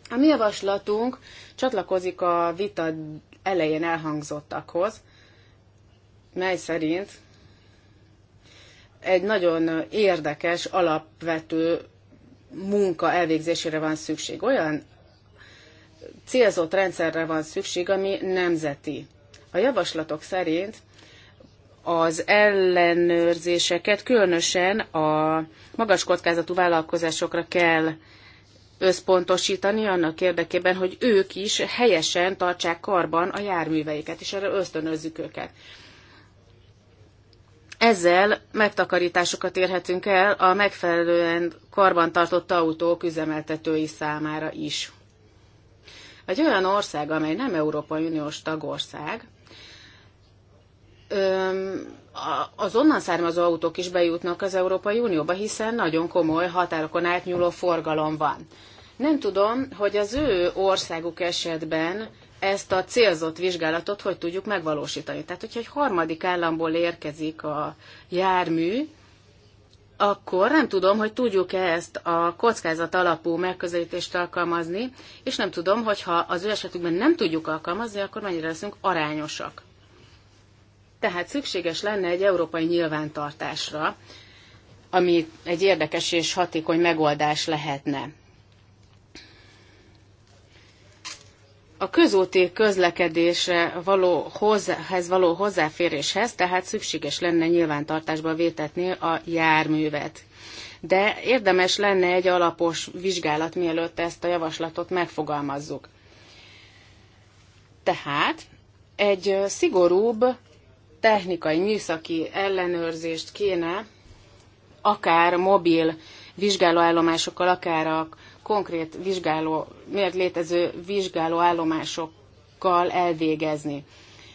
A mi javaslatunk csatlakozik a vita elején elhangzottakhoz, mely szerint egy nagyon érdekes, alapvető munka elvégzésére van szükség. Olyan célzott rendszerre van szükség, ami nemzeti. A javaslatok szerint az ellenőrzéseket különösen a magas kockázatú vállalkozásokra kell összpontosítani annak érdekében, hogy ők is helyesen tartsák karban a járműveiket, és erre ösztönözzük őket. Ezzel megtakarításokat érhetünk el a megfelelően karbantartott autók üzemeltetői számára is. Egy olyan ország, amely nem Európai Uniós tagország, az onnan származó autók is bejutnak az Európai Unióba, hiszen nagyon komoly határokon átnyúló forgalom van. Nem tudom, hogy az ő országuk esetben ezt a célzott vizsgálatot hogy tudjuk megvalósítani. Tehát, hogyha egy harmadik államból érkezik a jármű, akkor nem tudom, hogy tudjuk-e ezt a kockázat alapú megközelítést alkalmazni, és nem tudom, hogyha az ő esetükben nem tudjuk alkalmazni, akkor mennyire leszünk arányosak. Tehát szükséges lenne egy európai nyilvántartásra, ami egy érdekes és hatékony megoldás lehetne. A közúti közlekedésre való hozzáhez való hozzáféréshez tehát szükséges lenne nyilvántartásba vétetni a járművet. De érdemes lenne egy alapos vizsgálat, mielőtt ezt a javaslatot megfogalmazzuk. Tehát egy szigorúbb technikai, műszaki ellenőrzést kéne, akár mobil vizsgálóállomásokkal, akár a konkrét vizsgáló, miért létező vizsgálóállomásokkal elvégezni.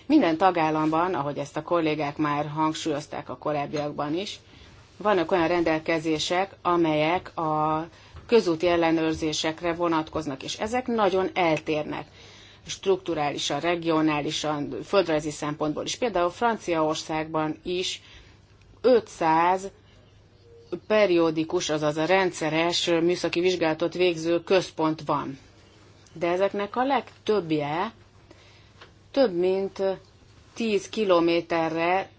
Minden tagállamban, ahogy ezt a kollégák már hangsúlyozták a korábbiakban is, vannak olyan rendelkezések, amelyek a közúti ellenőrzésekre vonatkoznak, és ezek nagyon eltérnek strukturálisan, regionálisan, földrajzi szempontból is. Például Franciaországban is 500 periódikus, azaz a rendszeres műszaki vizsgálatot végző központ van. De ezeknek a legtöbbje több mint 10 kilométerre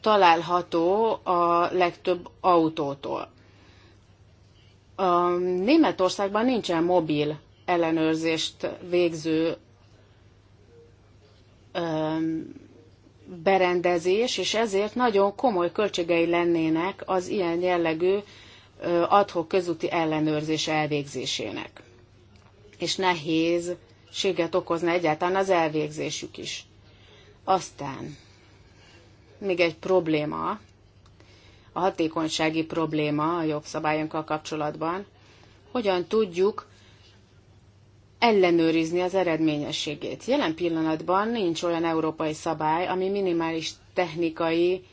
található a legtöbb autótól. A Németországban nincsen mobil ellenőrzést végző berendezés, és ezért nagyon komoly költségei lennének az ilyen jellegű adhok közúti ellenőrzés elvégzésének. És nehézséget okozna egyáltalán az elvégzésük is. Aztán még egy probléma, a hatékonysági probléma a jogszabályunkkal kapcsolatban, hogyan tudjuk ellenőrizni az eredményességét. Jelen pillanatban nincs olyan európai szabály, ami minimális technikai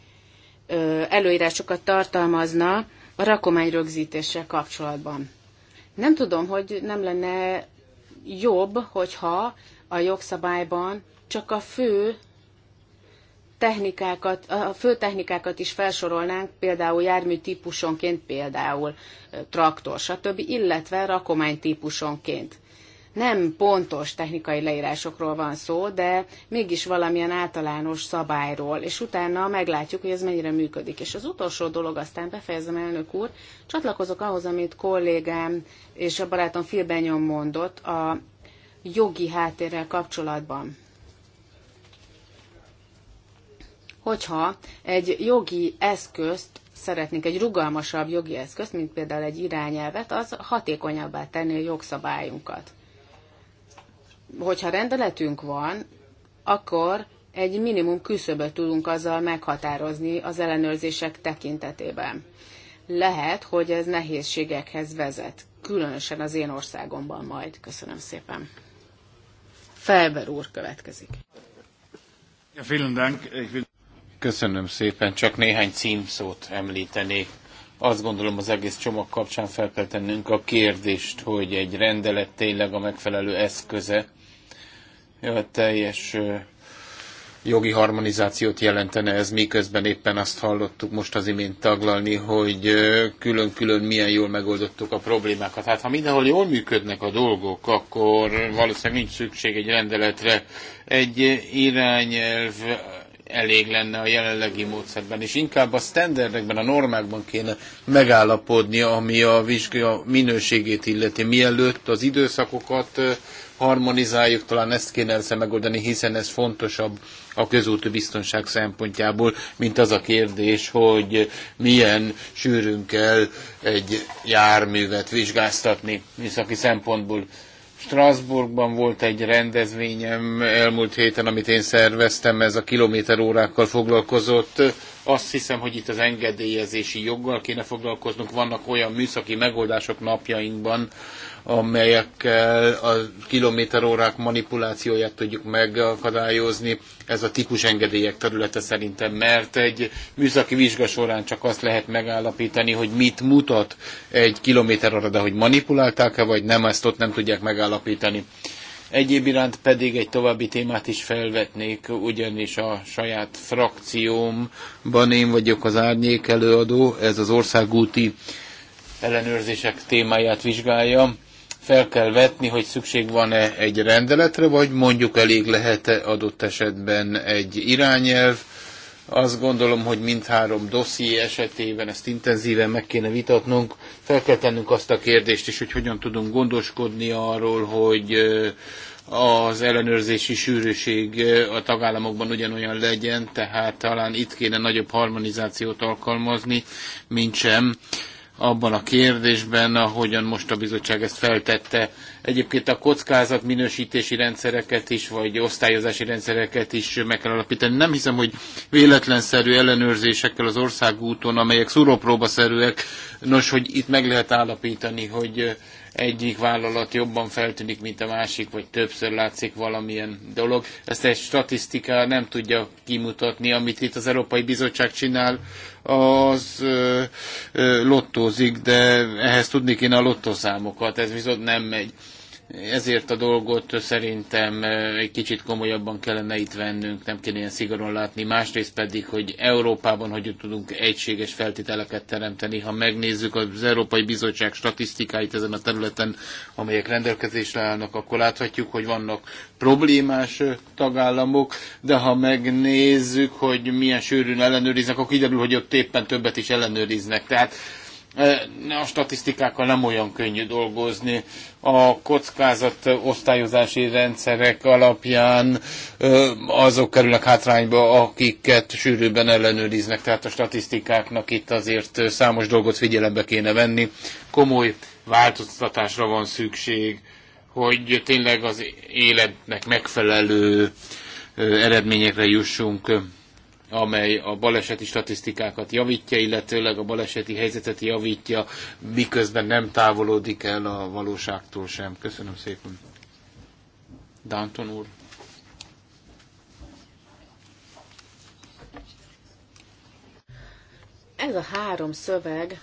ö, előírásokat tartalmazna a rakomány rögzítésre kapcsolatban. Nem tudom, hogy nem lenne jobb, hogyha a jogszabályban csak a fő technikákat, a fő technikákat is felsorolnánk, például jármű típusonként, például traktor, stb., illetve rakomány típusonként nem pontos technikai leírásokról van szó, de mégis valamilyen általános szabályról, és utána meglátjuk, hogy ez mennyire működik. És az utolsó dolog, aztán befejezem, elnök úr, csatlakozok ahhoz, amit kollégám és a barátom Phil Benyon mondott a jogi háttérrel kapcsolatban. Hogyha egy jogi eszközt szeretnénk egy rugalmasabb jogi eszközt, mint például egy irányelvet, az hatékonyabbá tenni a jogszabályunkat hogyha rendeletünk van, akkor egy minimum küszöböt tudunk azzal meghatározni az ellenőrzések tekintetében. Lehet, hogy ez nehézségekhez vezet, különösen az én országomban majd. Köszönöm szépen. Felber úr következik. Köszönöm szépen, csak néhány címszót említenék. Azt gondolom az egész csomag kapcsán fel kell tennünk a kérdést, hogy egy rendelet tényleg a megfelelő eszköze teljes jogi harmonizációt jelentene ez, miközben éppen azt hallottuk most az imént taglalni, hogy külön-külön milyen jól megoldottuk a problémákat. Hát ha mindenhol jól működnek a dolgok, akkor valószínűleg nincs szükség egy rendeletre. Egy irányelv elég lenne a jelenlegi módszerben, és inkább a standardekben, a normákban kéne megállapodni, ami a vizsga minőségét illeti, mielőtt az időszakokat harmonizáljuk, talán ezt kéne össze megoldani, hiszen ez fontosabb a közúti biztonság szempontjából, mint az a kérdés, hogy milyen sűrűn kell egy járművet vizsgáztatni műszaki szempontból. Strasbourgban volt egy rendezvényem elmúlt héten, amit én szerveztem, ez a kilométerórákkal foglalkozott. Azt hiszem, hogy itt az engedélyezési joggal kéne foglalkoznunk. Vannak olyan műszaki megoldások napjainkban, amelyekkel a kilométerórák manipulációját tudjuk megakadályozni. Ez a típus engedélyek területe szerintem, mert egy műszaki vizsga során csak azt lehet megállapítani, hogy mit mutat egy kilométeróra, de hogy manipulálták-e, vagy nem, ezt ott nem tudják megállapítani. Egyéb iránt pedig egy további témát is felvetnék, ugyanis a saját frakciómban én vagyok az árnyék előadó, ez az országúti ellenőrzések témáját vizsgálja fel kell vetni, hogy szükség van-e egy rendeletre, vagy mondjuk elég lehet-e adott esetben egy irányelv. Azt gondolom, hogy mindhárom dosszié esetében ezt intenzíven meg kéne vitatnunk. Fel kell tennünk azt a kérdést is, hogy hogyan tudunk gondoskodni arról, hogy az ellenőrzési sűrűség a tagállamokban ugyanolyan legyen, tehát talán itt kéne nagyobb harmonizációt alkalmazni, mint sem abban a kérdésben, ahogyan most a bizottság ezt feltette. Egyébként a kockázat minősítési rendszereket is, vagy osztályozási rendszereket is meg kell alapítani. Nem hiszem, hogy véletlenszerű ellenőrzésekkel az országúton, amelyek szúrópróbaszerűek, nos, hogy itt meg lehet állapítani, hogy egyik vállalat jobban feltűnik, mint a másik, vagy többször látszik valamilyen dolog. Ezt egy statisztika nem tudja kimutatni, amit itt az Európai Bizottság csinál, az ö, ö, lottózik, de ehhez tudni kéne a lottószámokat, ez viszont nem megy ezért a dolgot szerintem eh, egy kicsit komolyabban kellene itt vennünk, nem kéne ilyen szigorúan látni. Másrészt pedig, hogy Európában hogy tudunk egységes feltételeket teremteni. Ha megnézzük az Európai Bizottság statisztikáit ezen a területen, amelyek rendelkezésre állnak, akkor láthatjuk, hogy vannak problémás eh, tagállamok, de ha megnézzük, hogy milyen sűrűn ellenőriznek, akkor kiderül, hogy ott éppen többet is ellenőriznek. Tehát E, a statisztikákkal nem olyan könnyű dolgozni. A kockázat osztályozási rendszerek alapján e, azok kerülnek hátrányba, akiket sűrűbben ellenőriznek, tehát a statisztikáknak itt azért számos dolgot figyelembe kéne venni. Komoly változtatásra van szükség, hogy tényleg az életnek megfelelő e, eredményekre jussunk amely a baleseti statisztikákat javítja, illetőleg a baleseti helyzetet javítja, miközben nem távolodik el a valóságtól sem. Köszönöm szépen. Danton úr. Ez a három szöveg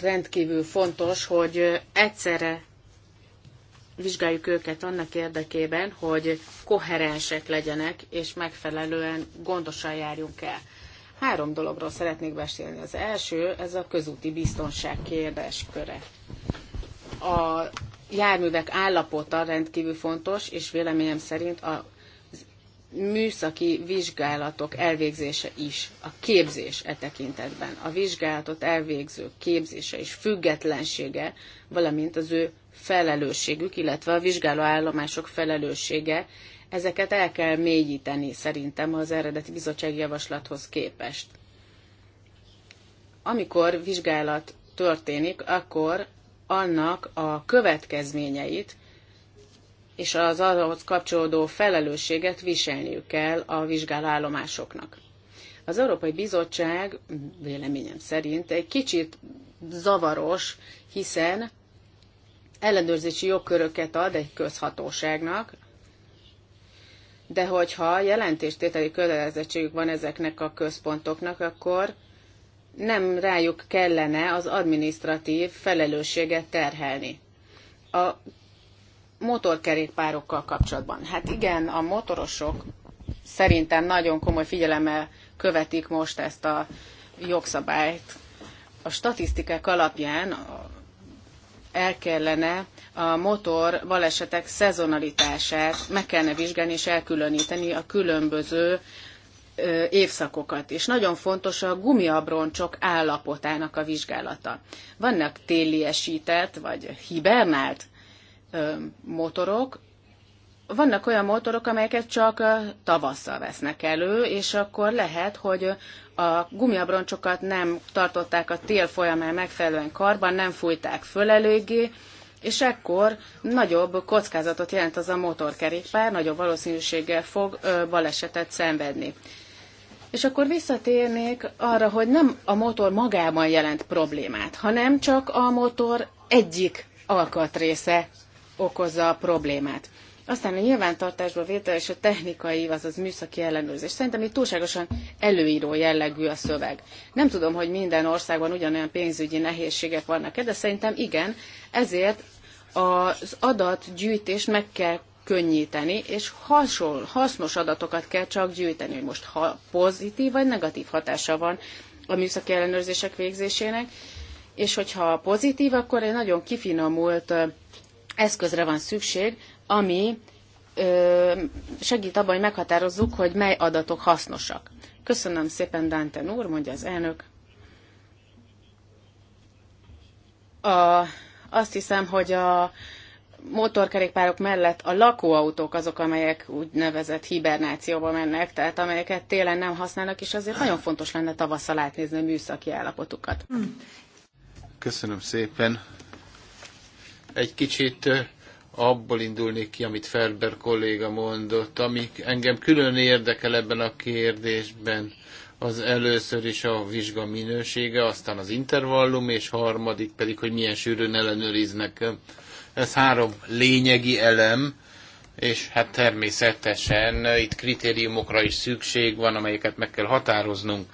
rendkívül fontos, hogy egyszerre vizsgáljuk őket annak érdekében, hogy koherensek legyenek, és megfelelően gondosan járjunk el. Három dologról szeretnék beszélni. Az első, ez a közúti biztonság kérdésköre. A járművek állapota rendkívül fontos, és véleményem szerint a műszaki vizsgálatok elvégzése is, a képzés e tekintetben, a vizsgálatot elvégző képzése és függetlensége, valamint az ő felelősségük, illetve a vizsgálóállomások felelőssége, ezeket el kell mélyíteni szerintem az eredeti bizottsági javaslathoz képest. Amikor vizsgálat történik, akkor annak a következményeit és az ahhoz kapcsolódó felelősséget viselniük kell a vizsgálóállomásoknak. Az Európai Bizottság véleményem szerint egy kicsit zavaros, hiszen ellenőrzési jogköröket ad egy közhatóságnak, de hogyha jelentéstételi kötelezettségük van ezeknek a központoknak, akkor nem rájuk kellene az adminisztratív felelősséget terhelni. A motorkerékpárokkal kapcsolatban. Hát igen, a motorosok szerintem nagyon komoly figyelemmel követik most ezt a jogszabályt. A statisztikák alapján, el kellene a motor balesetek szezonalitását meg kellene vizsgálni és elkülöníteni a különböző évszakokat, és nagyon fontos a gumiabroncsok állapotának a vizsgálata. Vannak téliesített vagy hibernált motorok, vannak olyan motorok, amelyeket csak tavasszal vesznek elő, és akkor lehet, hogy a gumiabroncsokat nem tartották a tél folyamán megfelelően karban, nem fújták föl eléggé, és ekkor nagyobb kockázatot jelent az a motorkerékpár, nagyobb valószínűséggel fog ö, balesetet szenvedni. És akkor visszatérnék arra, hogy nem a motor magában jelent problémát, hanem csak a motor egyik alkatrésze okozza a problémát. Aztán a nyilvántartásba vétel és a technikai, azaz műszaki ellenőrzés. Szerintem itt túlságosan előíró jellegű a szöveg. Nem tudom, hogy minden országban ugyanolyan pénzügyi nehézségek vannak-e, de szerintem igen, ezért az adatgyűjtést meg kell könnyíteni, és hasonl, hasznos adatokat kell csak gyűjteni, hogy most ha pozitív vagy negatív hatása van a műszaki ellenőrzések végzésének, és hogyha pozitív, akkor egy nagyon kifinomult eszközre van szükség, ami segít abban, hogy meghatározzuk, hogy mely adatok hasznosak. Köszönöm szépen, Dánten úr, mondja az elnök. A, azt hiszem, hogy a motorkerékpárok mellett a lakóautók azok, amelyek úgynevezett hibernációba mennek, tehát amelyeket télen nem használnak, és azért nagyon fontos lenne tavasszal átnézni a műszaki állapotukat. Köszönöm szépen. Egy kicsit abból indulnék ki, amit Ferber kolléga mondott, ami engem külön érdekel ebben a kérdésben, az először is a vizsga minősége, aztán az intervallum, és harmadik pedig, hogy milyen sűrűn ellenőriznek. Ez három lényegi elem, és hát természetesen itt kritériumokra is szükség van, amelyeket meg kell határoznunk.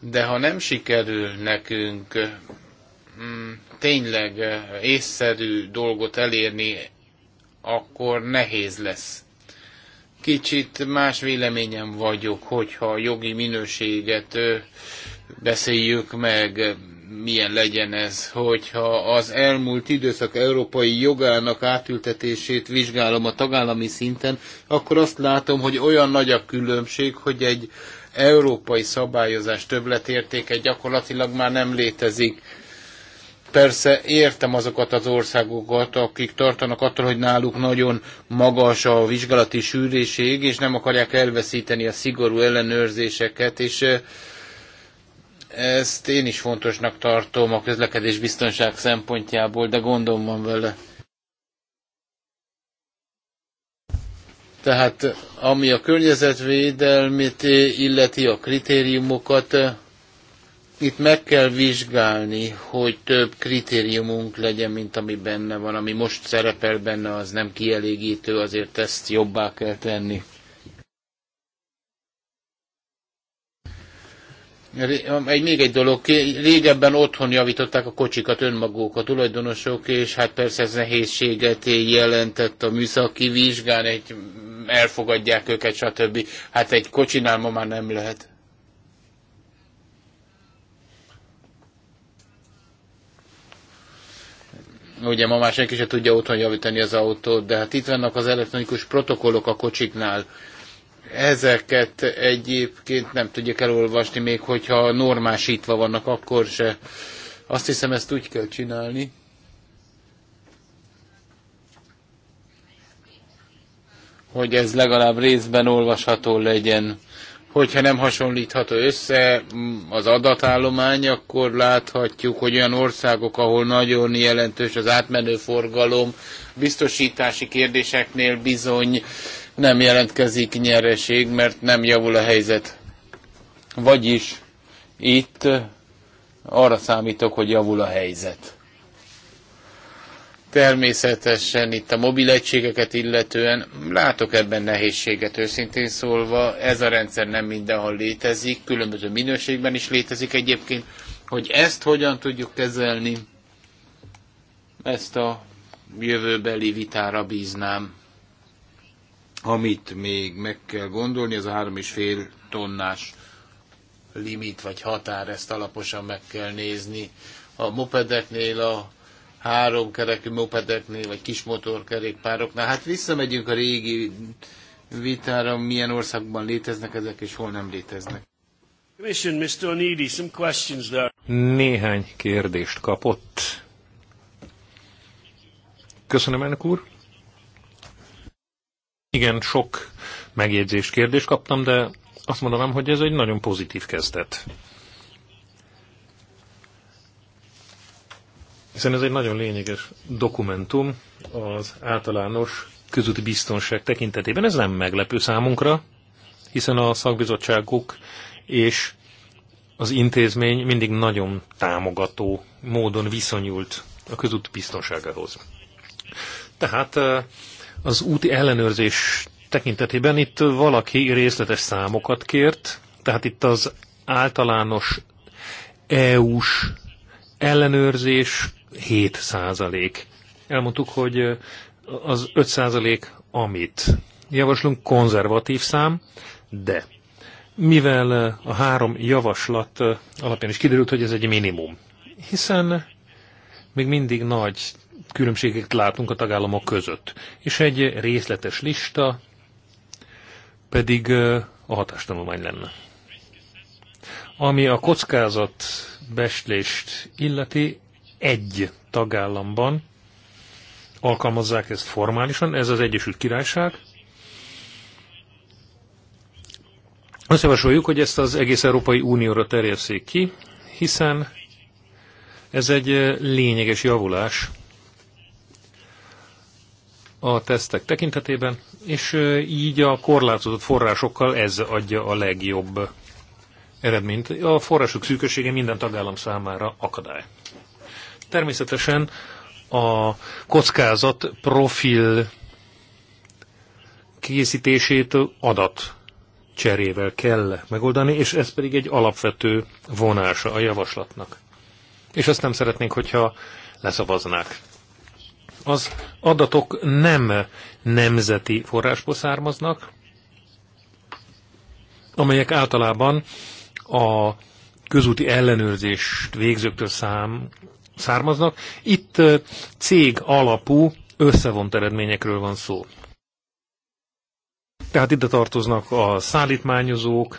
De ha nem sikerül nekünk Mm, tényleg eh, észszerű dolgot elérni, akkor nehéz lesz. Kicsit más véleményem vagyok, hogyha a jogi minőséget beszéljük meg, eh, milyen legyen ez, hogyha az elmúlt időszak európai jogának átültetését vizsgálom a tagállami szinten, akkor azt látom, hogy olyan nagy a különbség, hogy egy európai szabályozás többletértéke gyakorlatilag már nem létezik. Persze értem azokat az országokat, akik tartanak attól, hogy náluk nagyon magas a vizsgálati sűrűség, és nem akarják elveszíteni a szigorú ellenőrzéseket, és ezt én is fontosnak tartom a közlekedés biztonság szempontjából, de gondom van vele. Tehát ami a környezetvédelmét illeti, a kritériumokat, itt meg kell vizsgálni, hogy több kritériumunk legyen, mint ami benne van, ami most szerepel benne, az nem kielégítő, azért ezt jobbá kell tenni. Egy, még egy dolog, régebben otthon javították a kocsikat önmaguk, a tulajdonosok, és hát persze ez nehézséget jelentett a műszaki vizsgán, egy, elfogadják őket, stb. Hát egy kocsinál ma már nem lehet. Ugye ma már senki se tudja otthon javítani az autót, de hát itt vannak az elektronikus protokollok a kocsiknál. Ezeket egyébként nem tudják elolvasni, még hogyha normásítva vannak, akkor se. Azt hiszem, ezt úgy kell csinálni. hogy ez legalább részben olvasható legyen hogyha nem hasonlítható össze az adatállomány, akkor láthatjuk, hogy olyan országok, ahol nagyon jelentős az átmenő forgalom, biztosítási kérdéseknél bizony nem jelentkezik nyereség, mert nem javul a helyzet. Vagyis itt arra számítok, hogy javul a helyzet. Természetesen itt a mobil egységeket illetően látok ebben nehézséget őszintén szólva. Ez a rendszer nem mindenhol létezik, különböző minőségben is létezik egyébként. Hogy ezt hogyan tudjuk kezelni, ezt a jövőbeli vitára bíznám. Amit még meg kell gondolni, ez a három és fél tonnás limit vagy határ, ezt alaposan meg kell nézni. A mopedeknél a háromkerekű mopedeknél, vagy motorkerékpároknál. Hát visszamegyünk a régi vitára, milyen országban léteznek ezek, és hol nem léteznek. Néhány kérdést kapott. Köszönöm, elnök úr. Igen, sok megjegyzést, kérdést kaptam, de azt mondanám, hogy ez egy nagyon pozitív kezdet. hiszen ez egy nagyon lényeges dokumentum az általános közúti biztonság tekintetében. Ez nem meglepő számunkra, hiszen a szakbizottságuk és az intézmény mindig nagyon támogató módon viszonyult a közút biztonságához. Tehát az úti ellenőrzés tekintetében itt valaki részletes számokat kért, tehát itt az általános EU-s ellenőrzés 7 százalék. Elmondtuk, hogy az 5 százalék, amit javaslunk, konzervatív szám, de mivel a három javaslat alapján is kiderült, hogy ez egy minimum, hiszen még mindig nagy különbségeket látunk a tagállamok között, és egy részletes lista pedig a hatástanulmány lenne. Ami a kockázat beslést illeti, egy tagállamban alkalmazzák ezt formálisan, ez az Egyesült Királyság. Azt javasoljuk, hogy ezt az egész Európai Unióra terjesszék ki, hiszen ez egy eh, lényeges javulás a tesztek tekintetében, és eh, így a korlátozott forrásokkal ez adja a legjobb eredményt. A források szűkössége minden tagállam számára akadály. Természetesen a kockázat profil készítését adat cserével kell megoldani, és ez pedig egy alapvető vonása a javaslatnak. És azt nem szeretnénk, hogyha leszavaznák. Az adatok nem nemzeti forrásból származnak, amelyek általában a közúti ellenőrzést végzőktől szám, származnak. Itt cég alapú összevont eredményekről van szó. Tehát ide tartoznak a szállítmányozók,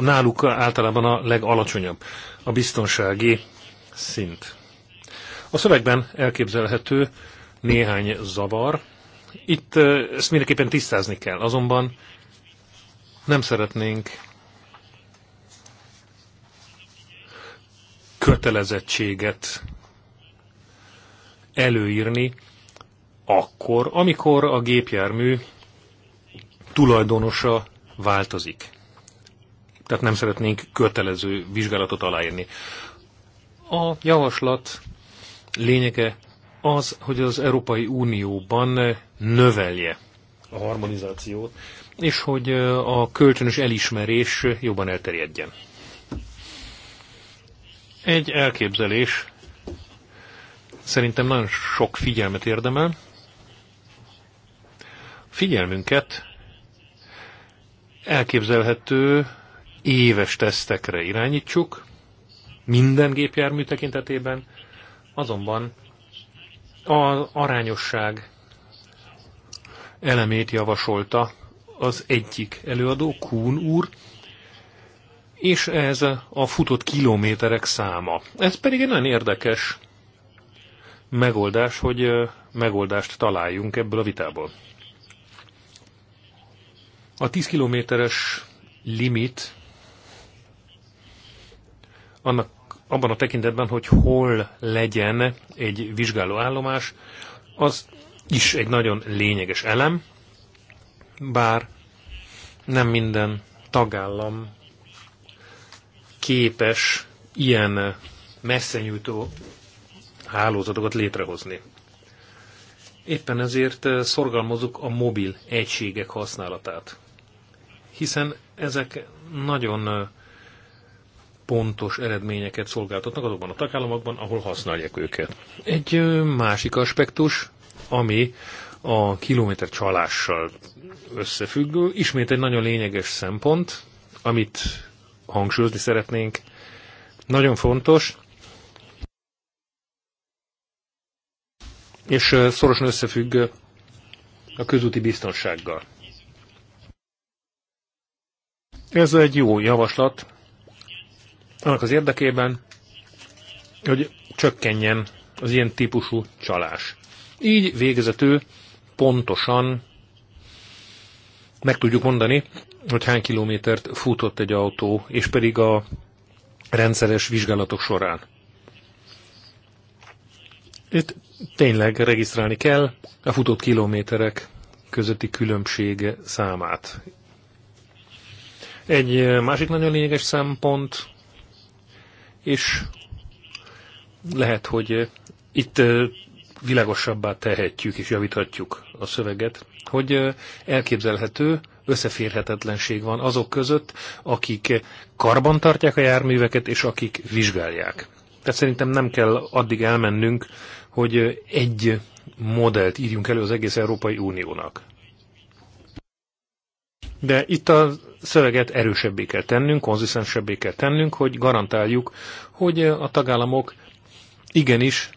náluk általában a legalacsonyabb a biztonsági szint. A szövegben elképzelhető néhány zavar. Itt ezt mindenképpen tisztázni kell, azonban nem szeretnénk kötelezettséget előírni akkor, amikor a gépjármű tulajdonosa változik. Tehát nem szeretnénk kötelező vizsgálatot aláírni. A javaslat lényege az, hogy az Európai Unióban növelje a harmonizációt, és hogy a kölcsönös elismerés jobban elterjedjen. Egy elképzelés szerintem nagyon sok figyelmet érdemel. Figyelmünket elképzelhető éves tesztekre irányítsuk, minden gépjármű tekintetében, azonban az arányosság elemét javasolta az egyik előadó, Kún úr, és ez a futott kilométerek száma. Ez pedig egy nagyon érdekes megoldás, hogy megoldást találjunk ebből a vitából. A 10 kilométeres limit annak abban a tekintetben, hogy hol legyen egy vizsgáló állomás, az is egy nagyon lényeges elem, bár nem minden tagállam képes ilyen nyújtó hálózatokat létrehozni. Éppen ezért eh, szorgalmazunk a mobil egységek használatát, hiszen ezek nagyon eh, pontos eredményeket szolgáltatnak azokban a tagállamokban, ahol használják őket. Egy eh, másik aspektus, ami a kilométer csalással összefüggő, ismét egy nagyon lényeges szempont, amit hangsúlyozni szeretnénk. Nagyon fontos, és szorosan összefügg a közúti biztonsággal. Ez egy jó javaslat annak az érdekében, hogy csökkenjen az ilyen típusú csalás. Így végezetül pontosan meg tudjuk mondani, hogy hány kilométert futott egy autó, és pedig a rendszeres vizsgálatok során. Itt tényleg regisztrálni kell a futott kilométerek közötti különbség számát. Egy másik nagyon lényeges szempont, és lehet, hogy itt világosabbá tehetjük és javíthatjuk a szöveget, hogy elképzelhető, összeférhetetlenség van azok között, akik karbantartják a járműveket, és akik vizsgálják. Tehát szerintem nem kell addig elmennünk, hogy egy modellt írjunk elő az egész Európai Uniónak. De itt a szöveget erősebbé kell tennünk, konzisztensebbé kell tennünk, hogy garantáljuk, hogy a tagállamok igenis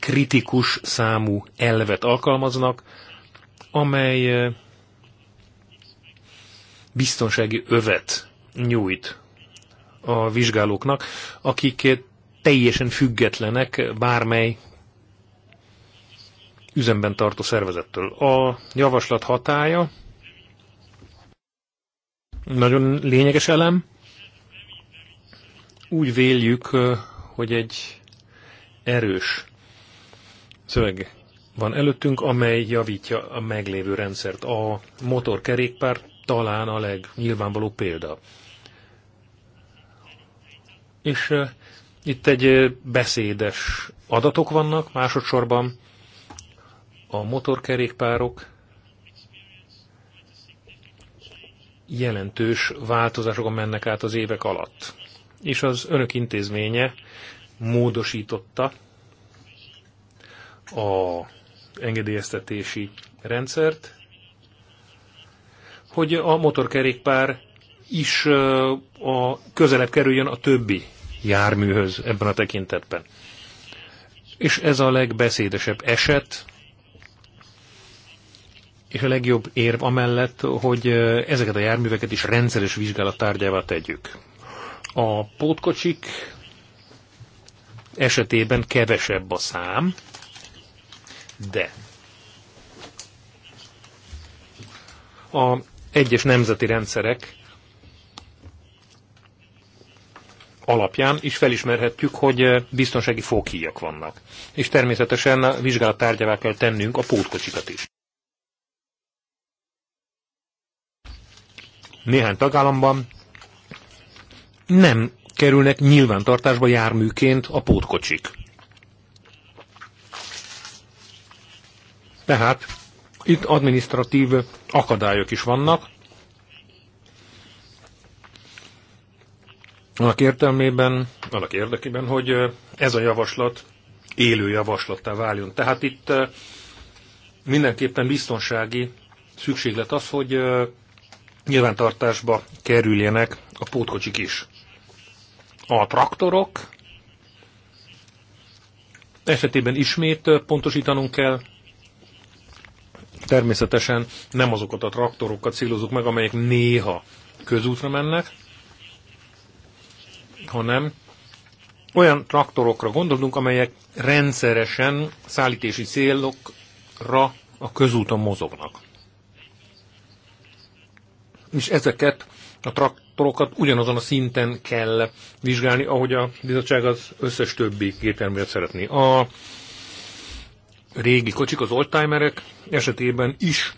kritikus számú elvet alkalmaznak, amely biztonsági övet nyújt a vizsgálóknak, akik teljesen függetlenek bármely üzemben tartó szervezettől. A javaslat hatája nagyon lényeges elem. Úgy véljük, hogy egy erős szöveg van előttünk, amely javítja a meglévő rendszert. A motorkerékpár talán a legnyilvánvaló példa. És uh, itt egy beszédes adatok vannak, másodszorban a motorkerékpárok jelentős változásokon mennek át az évek alatt. És az önök intézménye módosította a engedélyeztetési rendszert, hogy a motorkerékpár is a közelebb kerüljön a többi járműhöz ebben a tekintetben. És ez a legbeszédesebb eset, és a legjobb érv amellett, hogy ezeket a járműveket is rendszeres vizsgálat tárgyává tegyük. A pótkocsik esetében kevesebb a szám, de a egyes nemzeti rendszerek alapján is felismerhetjük, hogy eh, biztonsági fókíjak vannak. És természetesen a vizsgálat tárgyává kell tennünk a pótkocsikat is. Néhány tagállamban nem kerülnek nyilvántartásba járműként a pótkocsik. Tehát itt administratív akadályok is vannak. Annak értelmében, annak érdekében, hogy ez a javaslat élő javaslattá váljon. Tehát itt mindenképpen biztonsági szükséglet az, hogy nyilvántartásba kerüljenek a pótkocsik is. A traktorok esetében ismét pontosítanunk kell, Természetesen nem azokat a traktorokat célozunk meg, amelyek néha közútra mennek, hanem olyan traktorokra gondolunk, amelyek rendszeresen szállítási célokra a közúton mozognak. És ezeket a traktorokat ugyanazon a szinten kell vizsgálni, ahogy a bizottság az összes többi gépjárművet szeretné. A régi kocsik, az oldtimerek esetében is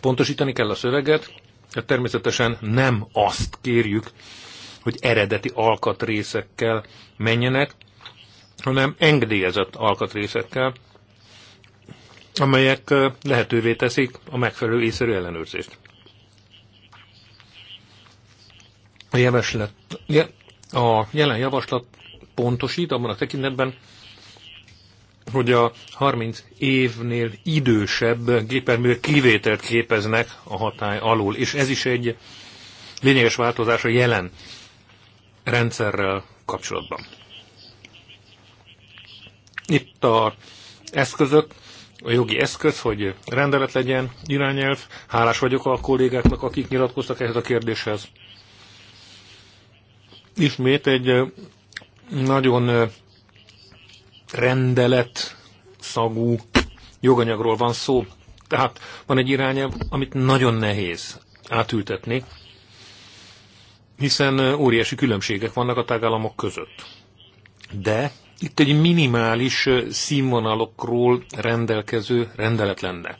pontosítani kell a szöveget, de hát természetesen nem azt kérjük, hogy eredeti alkatrészekkel menjenek, hanem engedélyezett alkatrészekkel, amelyek lehetővé teszik a megfelelő észszerű ellenőrzést. A, javaslat, a jelen javaslat pontosít abban a tekintetben, hogy a 30 évnél idősebb gépjárművek kivételt képeznek a hatály alól, és ez is egy lényeges változás a jelen rendszerrel kapcsolatban. Itt a eszközök, a jogi eszköz, hogy rendelet legyen, irányelv. Hálás vagyok a kollégáknak, akik nyilatkoztak ehhez a kérdéshez. Ismét egy nagyon rendelet szagú joganyagról van szó, tehát van egy irányelv, amit nagyon nehéz átültetni, hiszen óriási különbségek vannak a tagállamok között. De itt egy minimális színvonalokról rendelkező rendelet lenne.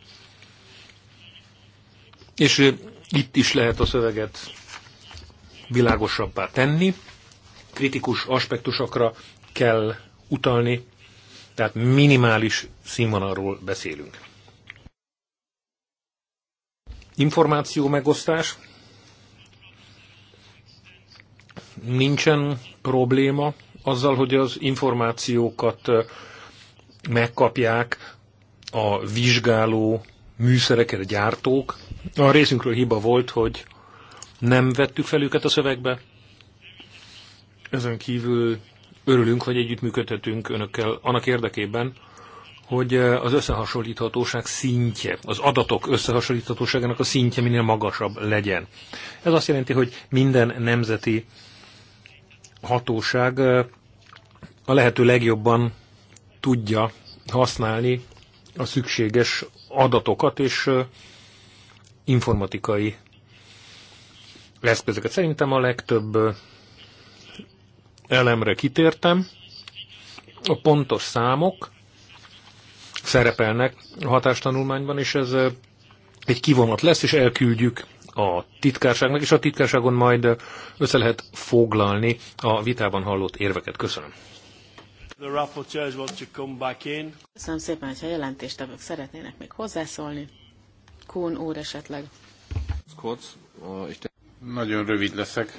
És itt is lehet a szöveget világosabbá tenni, kritikus aspektusokra kell utalni, tehát minimális színvonalról beszélünk. Információ megosztás. Nincsen probléma azzal, hogy az információkat megkapják a vizsgáló műszereket, a gyártók. A részünkről hiba volt, hogy nem vettük fel őket a szövegbe. Ezen kívül Örülünk, hogy együttműködhetünk önökkel annak érdekében, hogy eh, az összehasonlíthatóság szintje, az adatok összehasonlíthatóságának a szintje minél magasabb legyen. Ez azt jelenti, hogy minden nemzeti hatóság eh, a lehető legjobban tudja használni a szükséges adatokat és eh, informatikai eszközöket. Szerintem a legtöbb elemre kitértem. A pontos számok szerepelnek a hatástanulmányban, és ez eh, egy kivonat lesz, és elküldjük a titkárságnak, és a titkárságon majd eh, össze lehet foglalni a vitában hallott érveket. Köszönöm. Köszönöm szépen, hogyha jelentéstevők szeretnének még hozzászólni. Kuhn úr esetleg. Nagyon rövid leszek.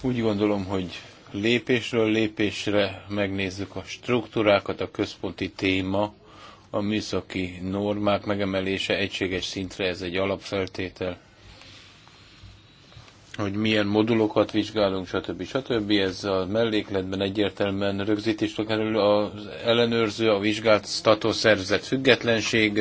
Úgy gondolom, hogy lépésről lépésre megnézzük a struktúrákat, a központi téma, a műszaki normák megemelése egységes szintre, ez egy alapfeltétel, hogy milyen modulokat vizsgálunk, stb. stb. Ez a mellékletben egyértelműen rögzítésre kerül az ellenőrző, a vizsgáltató szervezet függetlenség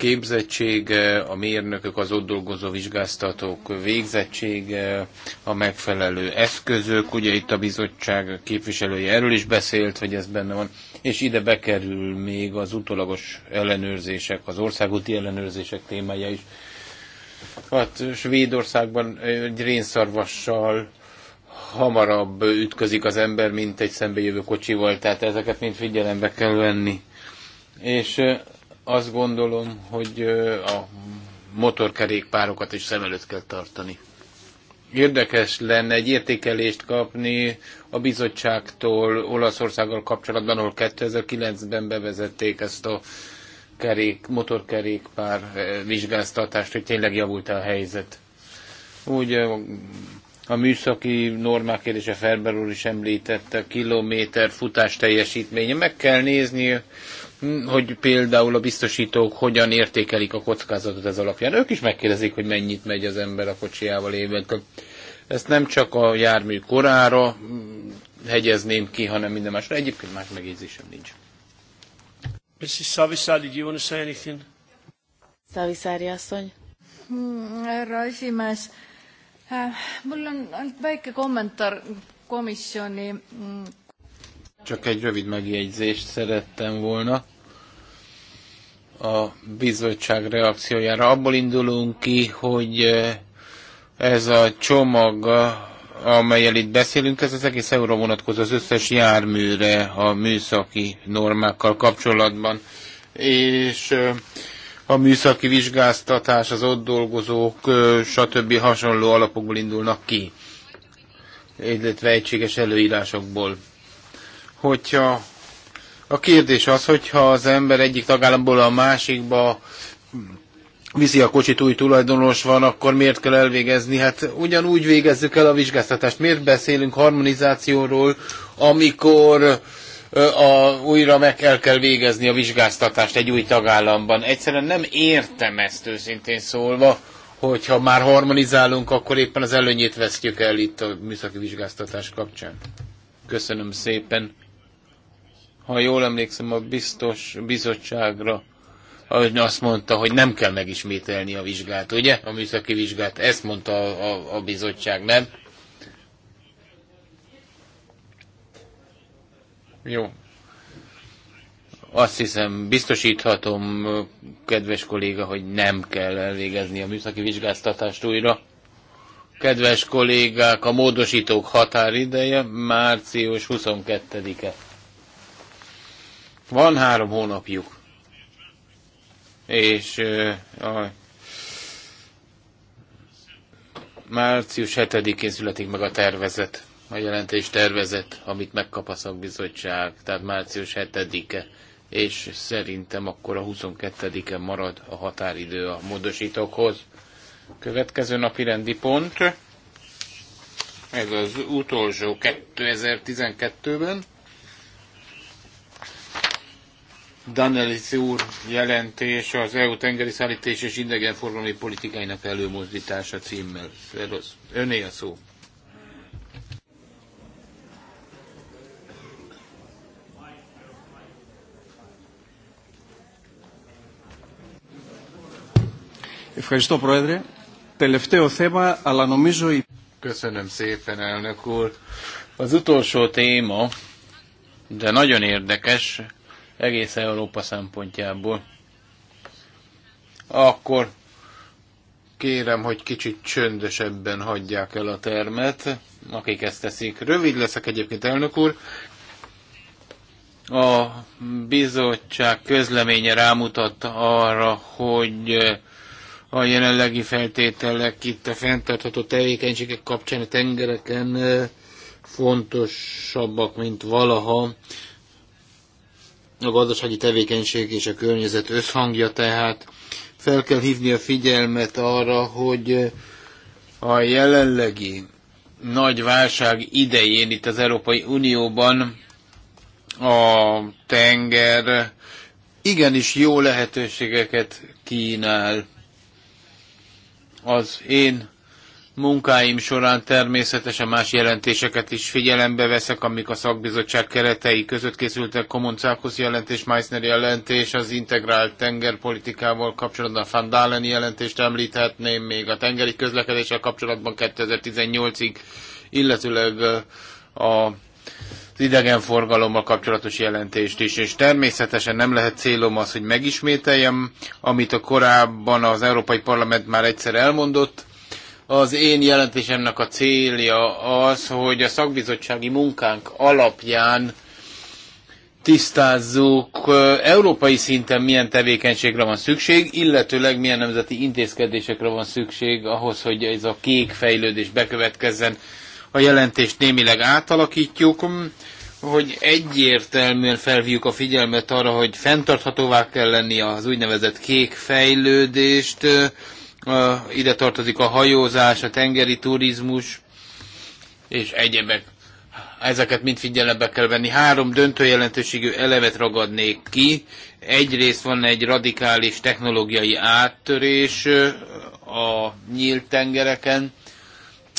képzettsége, a mérnökök, az ott dolgozó vizsgáztatók végzettsége, a megfelelő eszközök, ugye itt a bizottság képviselője erről is beszélt, hogy ez benne van, és ide bekerül még az utolagos ellenőrzések, az országúti ellenőrzések témája is. Hát Svédországban egy rénszarvassal hamarabb ütközik az ember, mint egy szembejövő kocsival, tehát ezeket mind figyelembe kell venni. És azt gondolom, hogy a motorkerékpárokat is szem előtt kell tartani. Érdekes lenne egy értékelést kapni a bizottságtól Olaszországgal kapcsolatban, ahol 2009-ben bevezették ezt a kerék, motorkerékpár eh, vizsgáztatást, hogy tényleg javult -e a helyzet. Úgy a műszaki normák kérdése Ferber úr is említette, a kilométer futás teljesítménye. Meg kell nézni, hm, hogy például a biztosítók hogyan értékelik a kockázatot ez alapján. Ők is megkérdezik, hogy mennyit megy az ember a kocsijával évente. Ezt nem csak a jármű korára hm, hegyezném ki, hanem minden másra. Egyébként más megjegyzésem nincs. Mrs. Savisari, do you want to say anything? Savisari asszony. Hmm, más. Äh, mul on ainult väike kommentaar komisjoni. Mm, Csak egy rövid megjegyzést szerettem volna a bizottság reakciójára. Abból indulunk ki, hogy eh, ez a csomag, amelyel itt beszélünk, ez az egész euró vonatkozó az összes járműre a műszaki normákkal kapcsolatban. És eh, a műszaki vizsgáztatás, az ott dolgozók, stb. hasonló alapokból indulnak ki, illetve egységes előírásokból. Hogyha a kérdés az, hogyha az ember egyik tagállamból a másikba viszi a kocsit, új tulajdonos van, akkor miért kell elvégezni? Hát ugyanúgy végezzük el a vizsgáztatást. Miért beszélünk harmonizációról, amikor a, újra meg el kell végezni a vizsgáztatást egy új tagállamban. Egyszerűen nem értem ezt őszintén szólva, hogyha már harmonizálunk, akkor éppen az előnyét vesztjük el itt a műszaki vizsgáztatás kapcsán. Köszönöm szépen. Ha jól emlékszem, a biztos bizottságra azt mondta, hogy nem kell megismételni a vizsgát, ugye? A műszaki vizsgát. Ezt mondta a, a, a bizottság, nem? Jó. Azt hiszem, biztosíthatom, kedves kolléga, hogy nem kell elvégezni a műszaki vizsgáztatást újra. Kedves kollégák, a módosítók határideje március 22-e. Van három hónapjuk. És a március 7-én születik meg a tervezet a jelentés tervezet, amit megkap a szakbizottság, tehát március 7-e, és szerintem akkor a 22-e marad a határidő a módosítókhoz. Következő napi rendi pont, ez az utolsó 2012-ben. Danelici úr jelentés az EU tengeri szállítás és idegenforgalmi politikáinak előmozdítása címmel. Öné a szó. Ευχαριστώ, Πρόεδρε. Τελευταίο θέμα, αλλά νομίζω... Köszönöm szépen, elnök úr. Az utolsó téma, de nagyon érdekes, egész Európa szempontjából. Akkor kérem, hogy kicsit csöndesebben hagyják el a termet, akik ezt teszik. Rövid leszek egyébként, elnök úr. A bizottság közleménye rámutat arra, hogy a jelenlegi feltételek itt a fenntartható tevékenységek kapcsán a tengereken fontosabbak, mint valaha. A gazdasági tevékenység és a környezet összhangja tehát. Fel kell hívni a figyelmet arra, hogy a jelenlegi nagy válság idején itt az Európai Unióban a tenger igenis jó lehetőségeket kínál az én munkáim során természetesen más jelentéseket is figyelembe veszek, amik a szakbizottság keretei között készültek, Komoncákos jelentés, Meissner jelentés, az integrált tengerpolitikával kapcsolatban a Van jelentést említhetném, még a tengeri közlekedéssel kapcsolatban 2018-ig, illetőleg a idegenforgalommal kapcsolatos jelentést is, és természetesen nem lehet célom az, hogy megismételjem, amit a korábban az Európai Parlament már egyszer elmondott. Az én jelentésemnek a célja az, hogy a szakbizottsági munkánk alapján tisztázzuk európai szinten milyen tevékenységre van szükség, illetőleg milyen nemzeti intézkedésekre van szükség ahhoz, hogy ez a kék fejlődés bekövetkezzen. A jelentést némileg átalakítjuk, hogy egyértelműen felvívjuk a figyelmet arra, hogy fenntarthatóvá kell lenni az úgynevezett kék fejlődést. Ide tartozik a hajózás, a tengeri turizmus és egyebek. Ezeket mind figyelembe kell venni. Három döntő jelentőségű elemet ragadnék ki. Egyrészt van egy radikális technológiai áttörés a nyílt tengereken,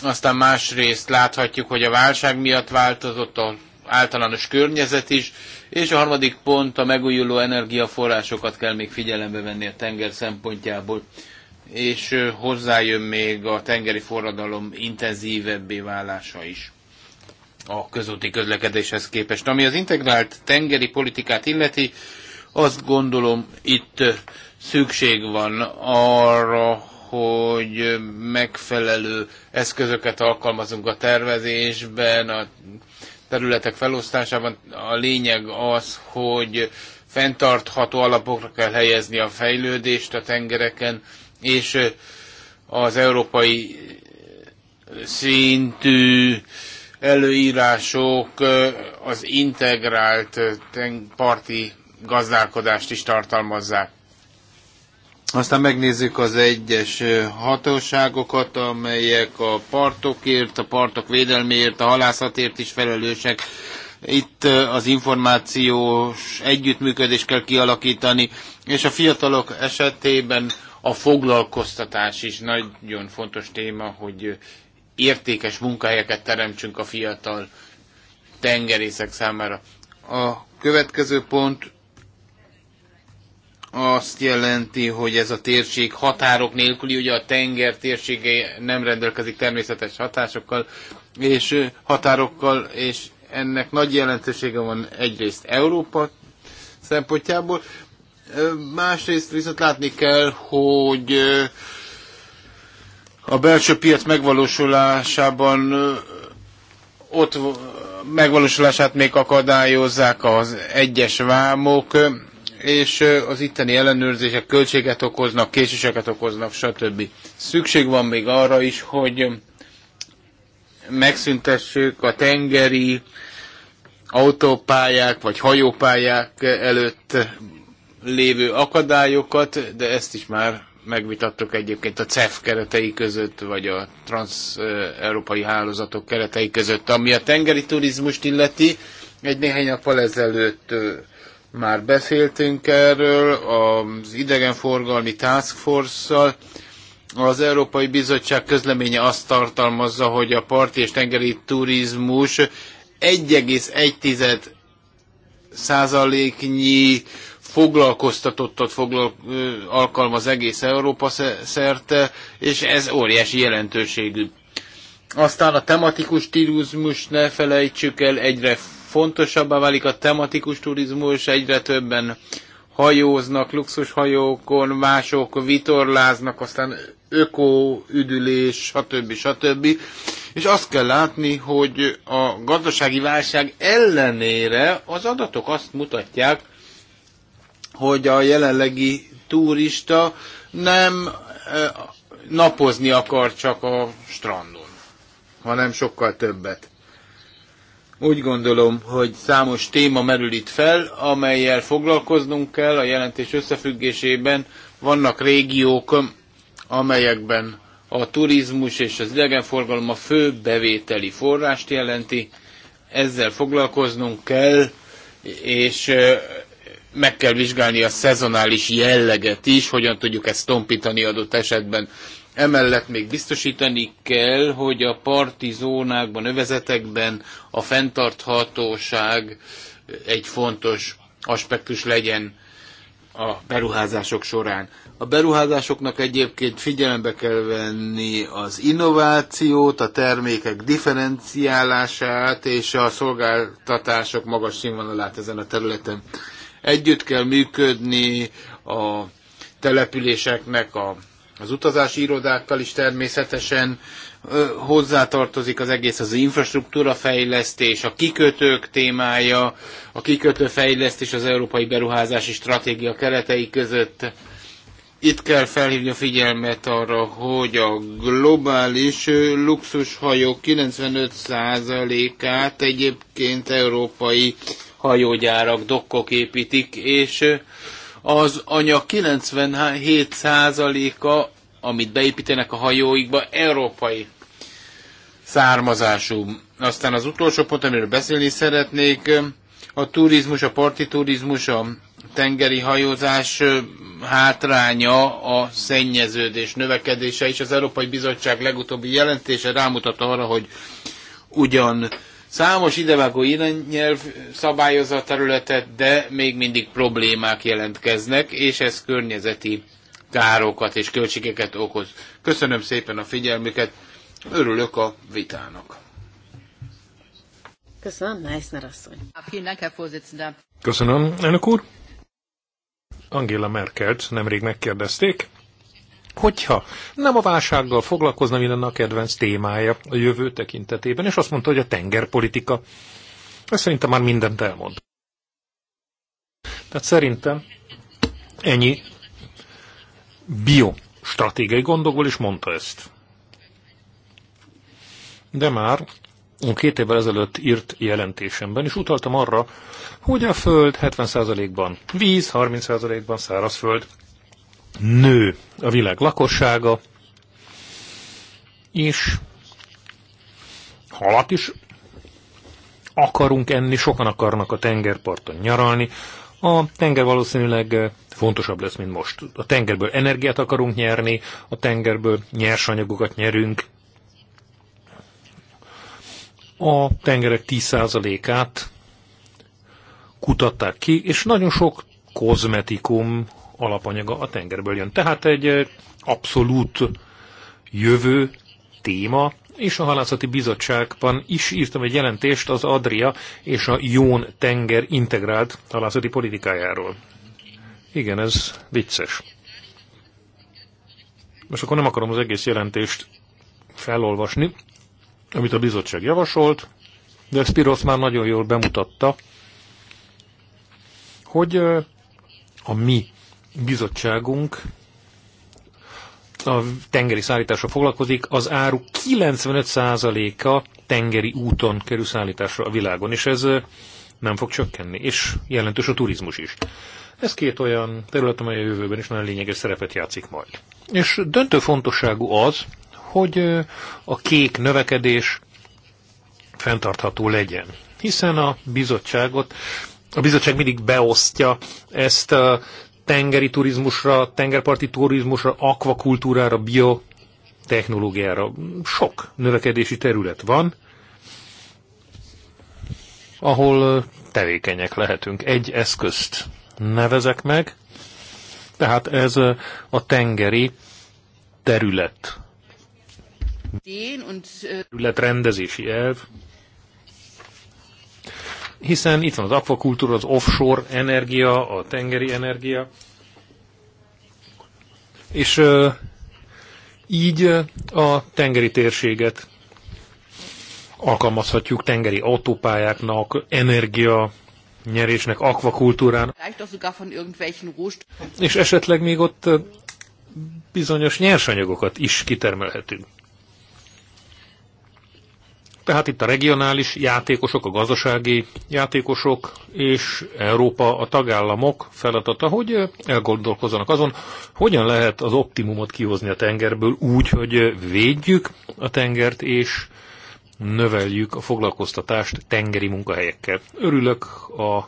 aztán másrészt láthatjuk, hogy a válság miatt változott a általános környezet is, és a harmadik pont a megújuló energiaforrásokat kell még figyelembe venni a tenger szempontjából, és hozzájön még a tengeri forradalom intenzívebbé válása is a közúti közlekedéshez képest. Ami az integrált tengeri politikát illeti, azt gondolom itt szükség van arra, hogy megfelelő eszközöket alkalmazunk a tervezésben, a területek felosztásában a lényeg az, hogy fenntartható alapokra kell helyezni a fejlődést a tengereken, és az európai szintű előírások az integrált parti gazdálkodást is tartalmazzák. Aztán megnézzük az egyes hatóságokat, amelyek a partokért, a partok védelméért, a halászatért is felelősek. Itt az információs együttműködést kell kialakítani, és a fiatalok esetében a foglalkoztatás is nagyon fontos téma, hogy értékes munkahelyeket teremtsünk a fiatal tengerészek számára. A következő pont azt jelenti, hogy ez a térség határok nélküli, ugye a tenger térsége nem rendelkezik természetes hatásokkal, és határokkal, és ennek nagy jelentősége van egyrészt Európa szempontjából, másrészt viszont látni kell, hogy a belső piac megvalósulásában ott megvalósulását még akadályozzák az egyes vámok, és az itteni ellenőrzések költséget okoznak, késéseket okoznak, stb. Szükség van még arra is, hogy megszüntessük a tengeri autópályák vagy hajópályák előtt lévő akadályokat, de ezt is már megvitattuk egyébként a CEF keretei között, vagy a trans-európai hálózatok keretei között, ami a tengeri turizmust illeti. Egy néhány nappal ezelőtt már beszéltünk erről az idegenforgalmi task force-szal. Az Európai Bizottság közleménye azt tartalmazza, hogy a parti és tengeri turizmus 1,1 százaléknyi foglalkoztatottat foglal, alkalmaz egész Európa szerte, és ez óriási jelentőségű. Aztán a tematikus turizmus ne felejtsük el, egyre fontosabbá válik a tematikus turizmus, egyre többen hajóznak, luxushajókon, mások vitorláznak, aztán öko, üdülés, stb. stb. És azt kell látni, hogy a gazdasági válság ellenére az adatok azt mutatják, hogy a jelenlegi turista nem napozni akar csak a strandon, hanem sokkal többet. Úgy gondolom, hogy számos téma merül itt fel, amelyel foglalkoznunk kell a jelentés összefüggésében. Vannak régiók, amelyekben a turizmus és az idegenforgalom a fő bevételi forrást jelenti. Ezzel foglalkoznunk kell, és meg kell vizsgálni a szezonális jelleget is, hogyan tudjuk ezt tompítani adott esetben. Emellett még biztosítani kell, hogy a parti zónákban, övezetekben a fenntarthatóság egy fontos aspektus legyen a beruházások során. A beruházásoknak egyébként figyelembe kell venni az innovációt, a termékek differenciálását és a szolgáltatások magas színvonalát ezen a területen. Együtt kell működni a településeknek a az utazási irodákkal is természetesen hozzátartozik az egész az infrastruktúra fejlesztés, a kikötők témája, a kikötő fejlesztés az európai beruházási stratégia keretei között. Itt kell felhívni a figyelmet arra, hogy a globális luxushajók 95%-át egyébként európai hajógyárak, dokkok építik, és az anyag 97%-a, amit beépítenek a hajóikba, európai származású. Aztán az utolsó pont, amiről beszélni szeretnék, a turizmus, a parti turizmus, a tengeri hajózás hátránya a szennyeződés növekedése, és az Európai Bizottság legutóbbi jelentése rámutat arra, hogy ugyan Számos idevágó irányelv szabályozza a területet, de még mindig problémák jelentkeznek, és ez környezeti károkat és költségeket okoz. Köszönöm szépen a figyelmüket, örülök a vitának. Köszönöm, Meissner asszony. Köszönöm, elnök úr. Angela Merkelt nemrég megkérdezték, Hogyha nem a válsággal foglalkozna, mi lenne a kedvenc témája a jövő tekintetében, és azt mondta, hogy a tengerpolitika. Ez szerintem már mindent elmond. Tehát szerintem ennyi bio stratégiai gondokból is mondta ezt. De már két évvel ezelőtt írt jelentésemben is utaltam arra, hogy a Föld 70%-ban víz, 30%-ban szárazföld, nő a világ lakossága, és halat is akarunk enni, sokan akarnak a tengerparton nyaralni. A tenger valószínűleg eh, fontosabb lesz, mint most. A tengerből energiát akarunk nyerni, a tengerből nyersanyagokat nyerünk. A tengerek 10%-át kutatták ki, és nagyon sok kozmetikum alapanyaga a tengerből jön. Tehát egy eh, abszolút jövő téma, és a halászati bizottságban is írtam egy jelentést az Adria és a Jón tenger integrált halászati politikájáról. Igen, ez vicces. Most akkor nem akarom az egész jelentést felolvasni, amit a bizottság javasolt, de Spiros már nagyon jól bemutatta, hogy eh, a mi bizottságunk a tengeri szállításra foglalkozik, az áru 95%-a tengeri úton kerül szállításra a világon, és ez nem fog csökkenni, és jelentős a turizmus is. Ez két olyan terület, amely a jövőben is nagyon lényeges szerepet játszik majd. És döntő fontosságú az, hogy a kék növekedés fenntartható legyen. Hiszen a bizottságot, a bizottság mindig beosztja ezt a tengeri turizmusra, tengerparti turizmusra, akvakultúrára, biotechnológiára. Sok növekedési terület van, ahol tevékenyek lehetünk. Egy eszközt nevezek meg, tehát ez a tengeri terület. Területrendezési elv, hiszen itt van az akvakultúra, az offshore energia, a tengeri energia, és így a tengeri térséget alkalmazhatjuk tengeri autópályáknak, energia nyerésnek, akvakultúrának. És esetleg még ott bizonyos nyersanyagokat is kitermelhetünk. Tehát itt a regionális játékosok, a gazdasági játékosok és Európa, a tagállamok feladata, hogy elgondolkozzanak azon, hogyan lehet az optimumot kihozni a tengerből úgy, hogy védjük a tengert és növeljük a foglalkoztatást tengeri munkahelyekkel. Örülök a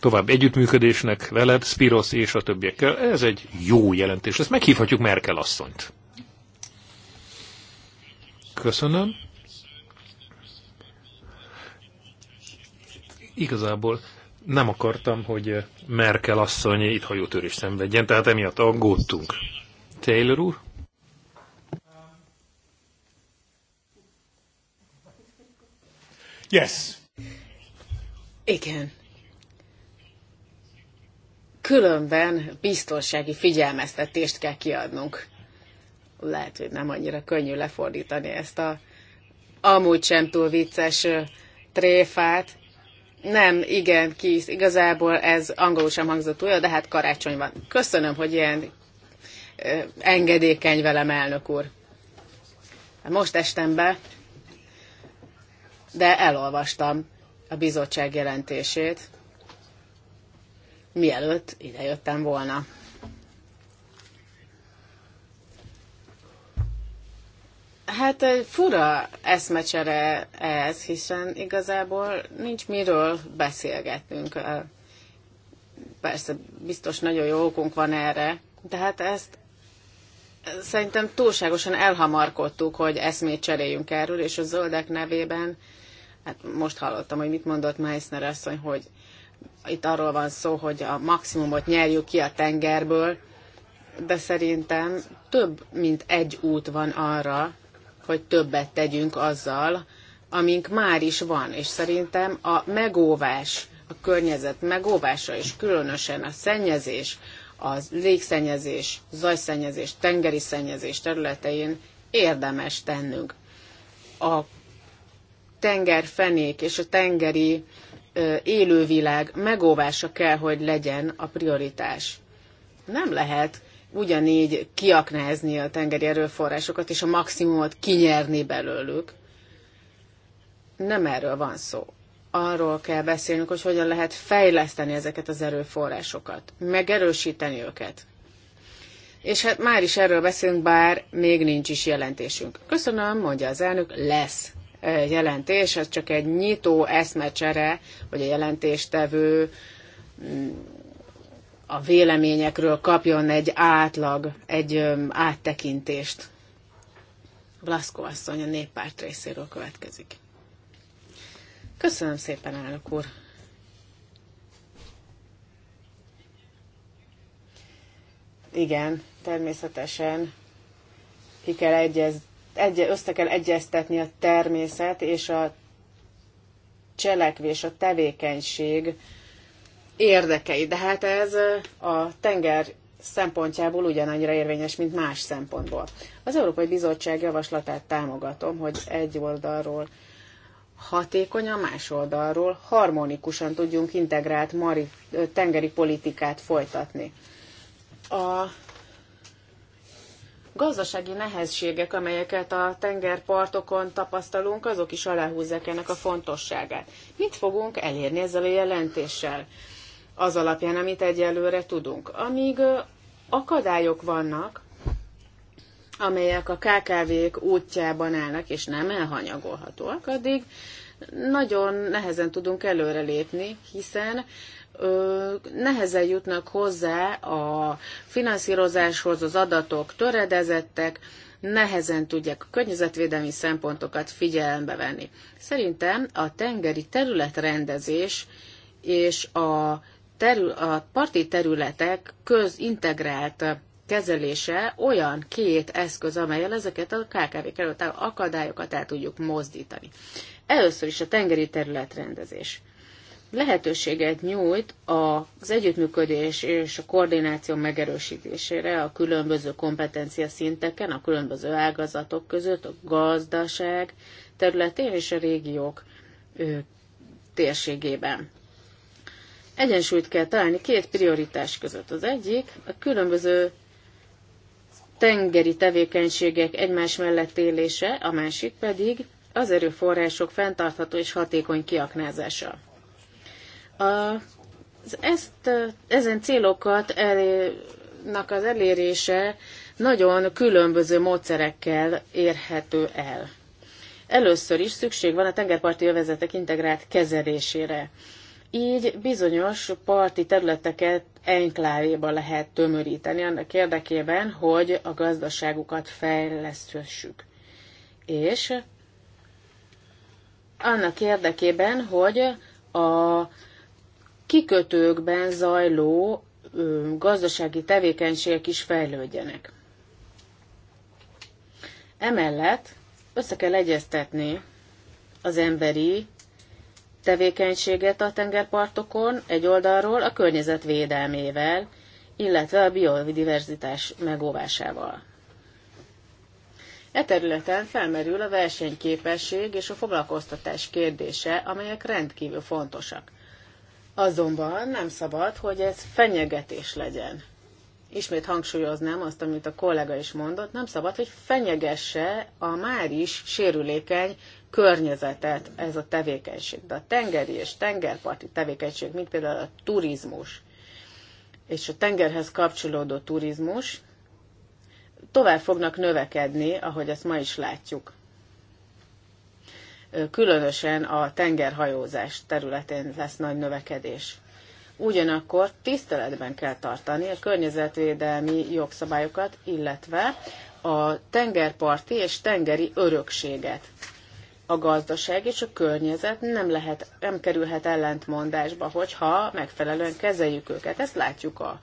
tovább együttműködésnek veled, Spiros és a többiekkel. Ez egy jó jelentés. Ezt meghívhatjuk Merkel asszonyt. Köszönöm. igazából nem akartam, hogy Merkel asszony itt hajótörés szenvedjen, tehát emiatt aggódtunk. Taylor úr? Yes. Igen. Különben biztonsági figyelmeztetést kell kiadnunk. Lehet, hogy nem annyira könnyű lefordítani ezt a amúgy sem túl vicces tréfát, nem, igen, kész. igazából ez angolul sem hangzott újra, de hát karácsony van. Köszönöm, hogy ilyen engedékeny velem, elnök úr. Hát most estem be, de elolvastam a bizottság jelentését, mielőtt idejöttem volna. Hát egy fura eszmecsere ez, hiszen igazából nincs miről beszélgetnünk. Persze biztos nagyon jó okunk van erre, de hát ezt szerintem túlságosan elhamarkodtuk, hogy eszmét cseréljünk erről, és a zöldek nevében, hát most hallottam, hogy mit mondott Meissner asszony, hogy itt arról van szó, hogy a maximumot nyerjük ki a tengerből, de szerintem több mint egy út van arra, hogy többet tegyünk azzal, amink már is van, és szerintem a megóvás, a környezet megóvása, és különösen a szennyezés, az légszennyezés, zajszennyezés, tengeri szennyezés területein érdemes tennünk. A tengerfenék és a tengeri élővilág megóvása kell, hogy legyen a prioritás. Nem lehet ugyanígy kiaknázni a tengeri erőforrásokat, és a maximumot kinyerni belőlük. Nem erről van szó. Arról kell beszélnünk, hogy hogyan lehet fejleszteni ezeket az erőforrásokat, megerősíteni őket. És hát már is erről beszélünk, bár még nincs is jelentésünk. Köszönöm, mondja az elnök, lesz eh, jelentés, ez csak egy nyitó eszmecsere, hogy a jelentéstevő mm, a véleményekről kapjon egy átlag, egy áttekintést. Blaszko asszony a néppárt részéről következik. Köszönöm szépen, elnök úr! Igen, természetesen ki kell egyez, egy, össze kell egyeztetni a természet és a cselekvés, a tevékenység érdekei, de hát ez a tenger szempontjából ugyanannyira érvényes, mint más szempontból. Az Európai Bizottság javaslatát támogatom, hogy egy oldalról hatékonyan, más oldalról harmonikusan tudjunk integrált mari, tengeri politikát folytatni. A gazdasági nehézségek, amelyeket a tengerpartokon tapasztalunk, azok is aláhúzzák ennek a fontosságát. Mit fogunk elérni ezzel a jelentéssel? az alapján, amit egyelőre tudunk. Amíg akadályok vannak, amelyek a KKV-k útjában állnak, és nem elhanyagolhatóak, addig nagyon nehezen tudunk előrelépni, hiszen ö, nehezen jutnak hozzá a finanszírozáshoz, az adatok töredezettek, nehezen tudják a környezetvédelmi szempontokat figyelembe venni. Szerintem a tengeri területrendezés és a terül, a parti területek közintegrált kezelése olyan két eszköz, amelyel ezeket a KKV került akadályokat el tudjuk mozdítani. Először is a tengeri területrendezés. Lehetőséget nyújt az együttműködés és a koordináció megerősítésére a különböző kompetencia szinteken, a különböző ágazatok között, a gazdaság területén és a régiók térségében. Egyensúlyt kell találni két prioritás között. Az egyik a különböző tengeri tevékenységek egymás mellett élése, a másik pedig az erőforrások fenntartható és hatékony kiaknázása. A ezt, ezen célokat elnak az elérése nagyon különböző módszerekkel érhető el. Először is szükség van a tengerparti övezetek integrált kezelésére. Így bizonyos parti területeket enklávéba lehet tömöríteni annak érdekében, hogy a gazdaságukat fejleszthessük. És annak érdekében, hogy a kikötőkben zajló gazdasági tevékenységek is fejlődjenek. Emellett össze kell egyeztetni az emberi tevékenységet a tengerpartokon egy oldalról a környezet védelmével, illetve a biodiverzitás megóvásával. E területen felmerül a versenyképesség és a foglalkoztatás kérdése, amelyek rendkívül fontosak. Azonban nem szabad, hogy ez fenyegetés legyen. Ismét hangsúlyoznám azt, amit a kollega is mondott, nem szabad, hogy fenyegesse a már is sérülékeny környezetet ez a tevékenység. De a tengeri és tengerparti tevékenység, mint például a turizmus, és a tengerhez kapcsolódó turizmus tovább fognak növekedni, ahogy ezt ma is látjuk. Különösen a tengerhajózás területén lesz nagy növekedés. Ugyanakkor tiszteletben kell tartani a környezetvédelmi jogszabályokat, illetve a tengerparti és tengeri örökséget a gazdaság és a környezet nem, lehet, nem kerülhet ellentmondásba, hogyha megfelelően kezeljük őket. Ezt látjuk a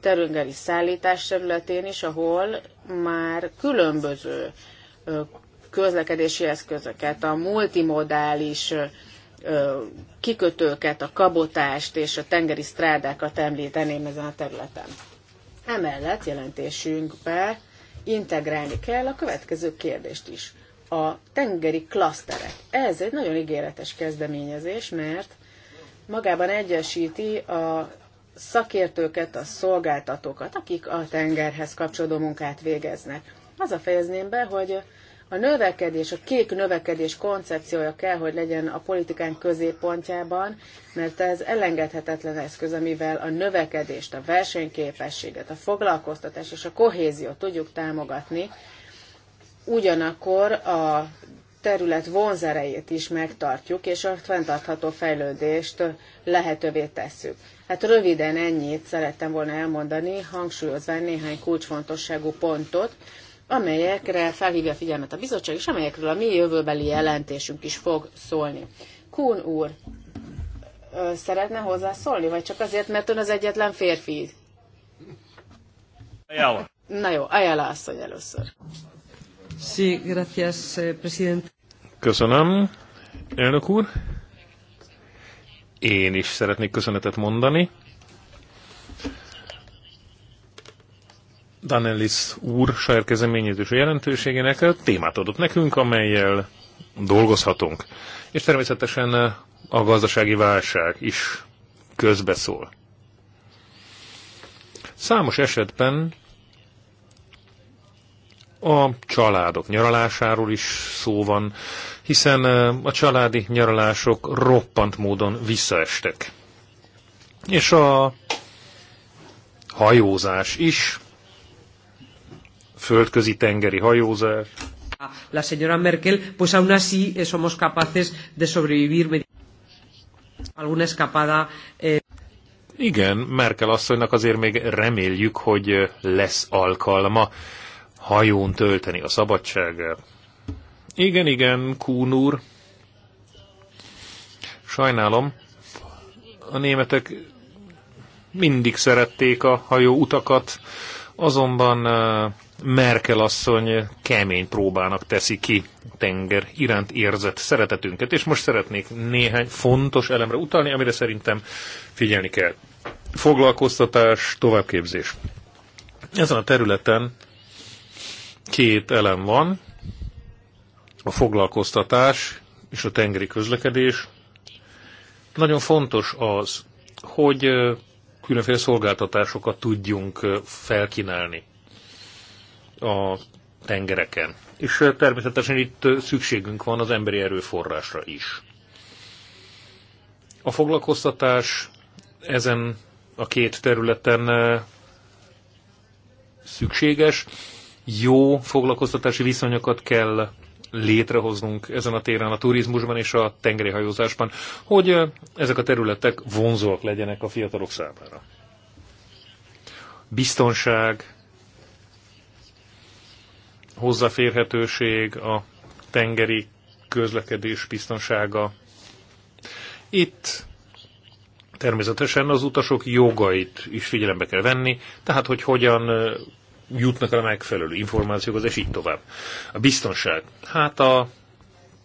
terüngeri szállítás területén is, ahol már különböző közlekedési eszközöket, a multimodális kikötőket, a kabotást és a tengeri strádákat említeném ezen a területen. Emellett jelentésünkbe integrálni kell a következő kérdést is a tengeri klaszterek. Ez egy nagyon ígéretes kezdeményezés, mert magában egyesíti a szakértőket, a szolgáltatókat, akik a tengerhez kapcsolódó munkát végeznek. Az a fejezném be, hogy a növekedés, a kék növekedés koncepciója kell, hogy legyen a politikán középpontjában, mert ez elengedhetetlen eszköz, amivel a növekedést, a versenyképességet, a foglalkoztatást és a kohéziót tudjuk támogatni, ugyanakkor a terület vonzerejét is megtartjuk, és a fenntartható fejlődést lehetővé tesszük. Hát röviden ennyit szerettem volna elmondani, hangsúlyozva néhány kulcsfontosságú pontot, amelyekre felhívja a figyelmet a bizottság, és amelyekről a mi jövőbeli jelentésünk is fog szólni. Kún úr, szeretne hozzászólni, vagy csak azért, mert ön az egyetlen férfi? Ajala. Na jó, Ajala asszony először. Sí, gracias, eh, president. Köszönöm, elnök úr. Én is szeretnék köszönetet mondani. Danelis úr saját kezdeményezésű jelentőségének témát adott nekünk, amelyel dolgozhatunk. És természetesen a gazdasági válság is közbeszól. Számos esetben a családok nyaralásáról is szó van, hiszen a családi nyaralások roppant módon visszaestek. És a hajózás is, földközi tengeri hajózás. La señora Merkel, pues aún así eh, somos capaces de sobrevivir alguna escapada. Eh... Igen, Merkel asszonynak azért még reméljük, hogy lesz alkalma hajón tölteni a szabadságát. Igen, igen, Kún úr. Sajnálom, a németek mindig szerették a hajó utakat, azonban Merkel asszony kemény próbának teszi ki tenger iránt érzett szeretetünket, és most szeretnék néhány fontos elemre utalni, amire szerintem figyelni kell. Foglalkoztatás, továbbképzés. Ezen a területen két elem van, a foglalkoztatás és a tengeri közlekedés. Nagyon fontos az, hogy különféle szolgáltatásokat tudjunk felkínálni a tengereken. És természetesen itt szükségünk van az emberi erőforrásra is. A foglalkoztatás ezen a két területen szükséges, jó foglalkoztatási viszonyokat kell létrehoznunk ezen a téren, a turizmusban és a tengeri hajózásban, hogy ezek a területek vonzóak legyenek a fiatalok számára. Biztonság, hozzáférhetőség, a tengeri közlekedés biztonsága. Itt természetesen az utasok jogait is figyelembe kell venni, tehát hogy hogyan jutnak el a megfelelő információkhoz, és így tovább. A biztonság. Hát a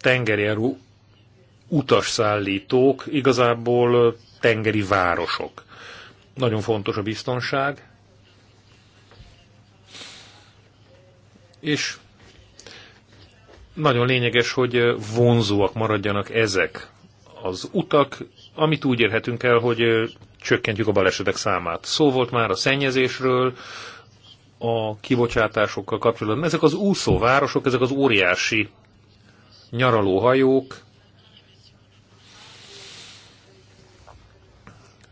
tengerjáró utasszállítók igazából tengeri városok. Nagyon fontos a biztonság. És nagyon lényeges, hogy vonzóak maradjanak ezek az utak, amit úgy érhetünk el, hogy csökkentjük a balesetek számát. Szó volt már a szennyezésről, a kibocsátásokkal kapcsolatban. Ezek az úszóvárosok, ezek az óriási nyaralóhajók,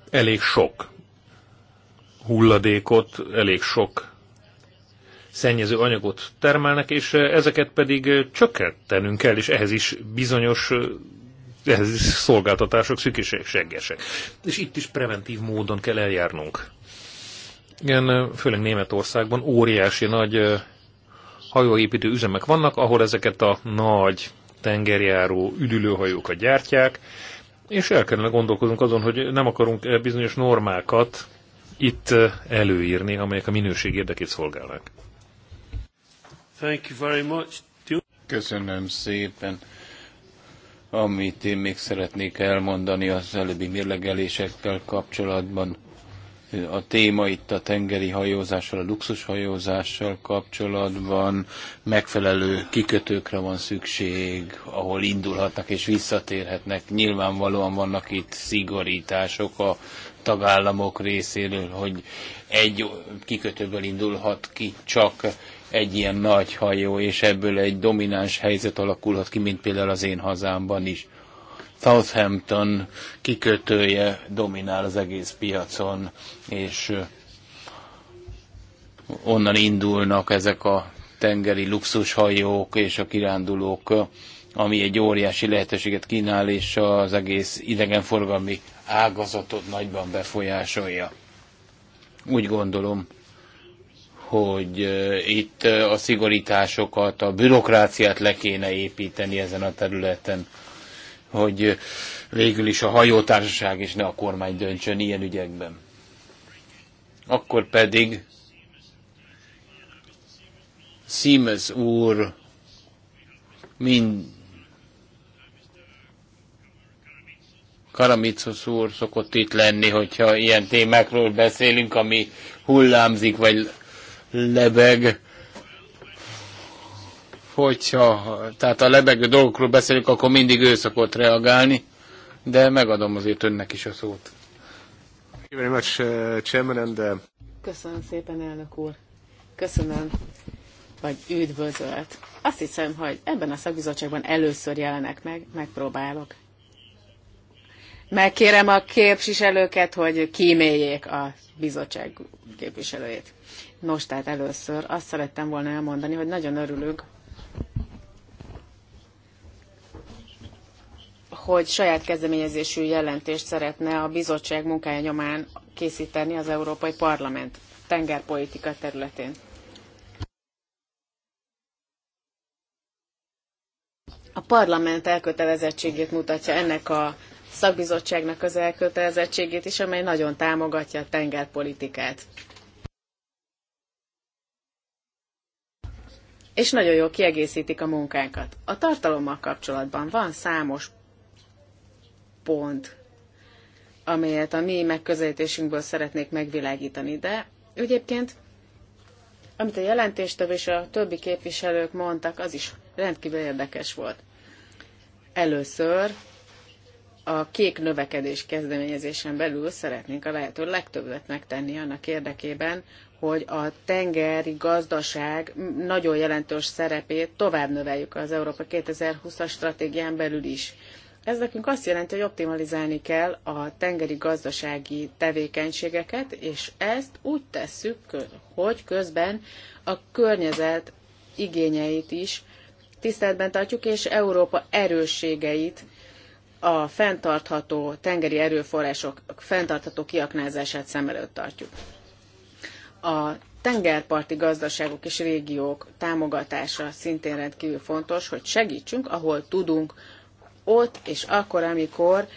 elég sok hulladékot, elég sok szennyező anyagot termelnek, és ezeket pedig csökkentenünk kell, és ehhez is bizonyos ehhez is szolgáltatások szükségesek. És itt is preventív módon kell eljárnunk. Igen, főleg Németországban óriási nagy hajóépítő üzemek vannak, ahol ezeket a nagy tengerjáró üdülőhajókat gyártják, és el kellene gondolkozunk azon, hogy nem akarunk bizonyos normákat itt előírni, amelyek a minőség érdekét szolgálnak. Thank you very much. Köszönöm szépen. Amit én még szeretnék elmondani az előbbi mérlegelésekkel kapcsolatban, a téma itt a tengeri hajózással, a luxushajózással kapcsolatban megfelelő kikötőkre van szükség, ahol indulhatnak és visszatérhetnek. Nyilvánvalóan vannak itt szigorítások a tagállamok részéről, hogy egy kikötőből indulhat ki csak egy ilyen nagy hajó, és ebből egy domináns helyzet alakulhat ki, mint például az én hazámban is. Southampton kikötője dominál az egész piacon, és onnan indulnak ezek a tengeri luxushajók és a kirándulók, ami egy óriási lehetőséget kínál, és az egész idegenforgalmi ágazatot nagyban befolyásolja. Úgy gondolom, hogy itt a szigorításokat, a bürokráciát le kéne építeni ezen a területen hogy végül is a hajótársaság és ne a kormány döntsön ilyen ügyekben. Akkor pedig Siemens úr mind Karamicos úr szokott itt lenni, hogyha ilyen témákról beszélünk, ami hullámzik, vagy lebeg hogyha tehát a lebegő dolgokról beszélünk, akkor mindig ő szokott reagálni, de megadom azért önnek is a szót. Uh, uh, Köszönöm szépen, elnök úr. Köszönöm, vagy üdvözölt. Azt hiszem, hogy ebben a szakbizottságban először jelenek meg, megpróbálok. Megkérem a képviselőket, hogy kíméljék a bizottság képviselőjét. Nos, tehát először azt szerettem volna elmondani, hogy nagyon örülünk, hogy saját kezdeményezésű jelentést szeretne a bizottság munkája nyomán készíteni az Európai Parlament tengerpolitika területén. A parlament elkötelezettségét mutatja ennek a szakbizottságnak az elkötelezettségét is, amely nagyon támogatja a tengerpolitikát. és nagyon jól kiegészítik a munkánkat. A tartalommal kapcsolatban van számos pont, amelyet a mi megközelítésünkből szeretnék megvilágítani. De egyébként, amit a jelentéstől és a többi képviselők mondtak, az is rendkívül érdekes volt. Először a kék növekedés kezdeményezésen belül szeretnénk a lehető legtöbbet megtenni annak érdekében, hogy a tengeri gazdaság nagyon jelentős szerepét tovább növeljük az Európa 2020-as stratégián belül is. Ez nekünk azt jelenti, hogy optimalizálni kell a tengeri gazdasági tevékenységeket, és ezt úgy tesszük, hogy közben a környezet igényeit is tiszteletben tartjuk, és Európa erősségeit, a fenntartható tengeri erőforrások fenntartható kiaknázását szem előtt tartjuk. A tengerparti gazdaságok és régiók támogatása szintén rendkívül fontos, hogy segítsünk, ahol tudunk ott és akkor, amikor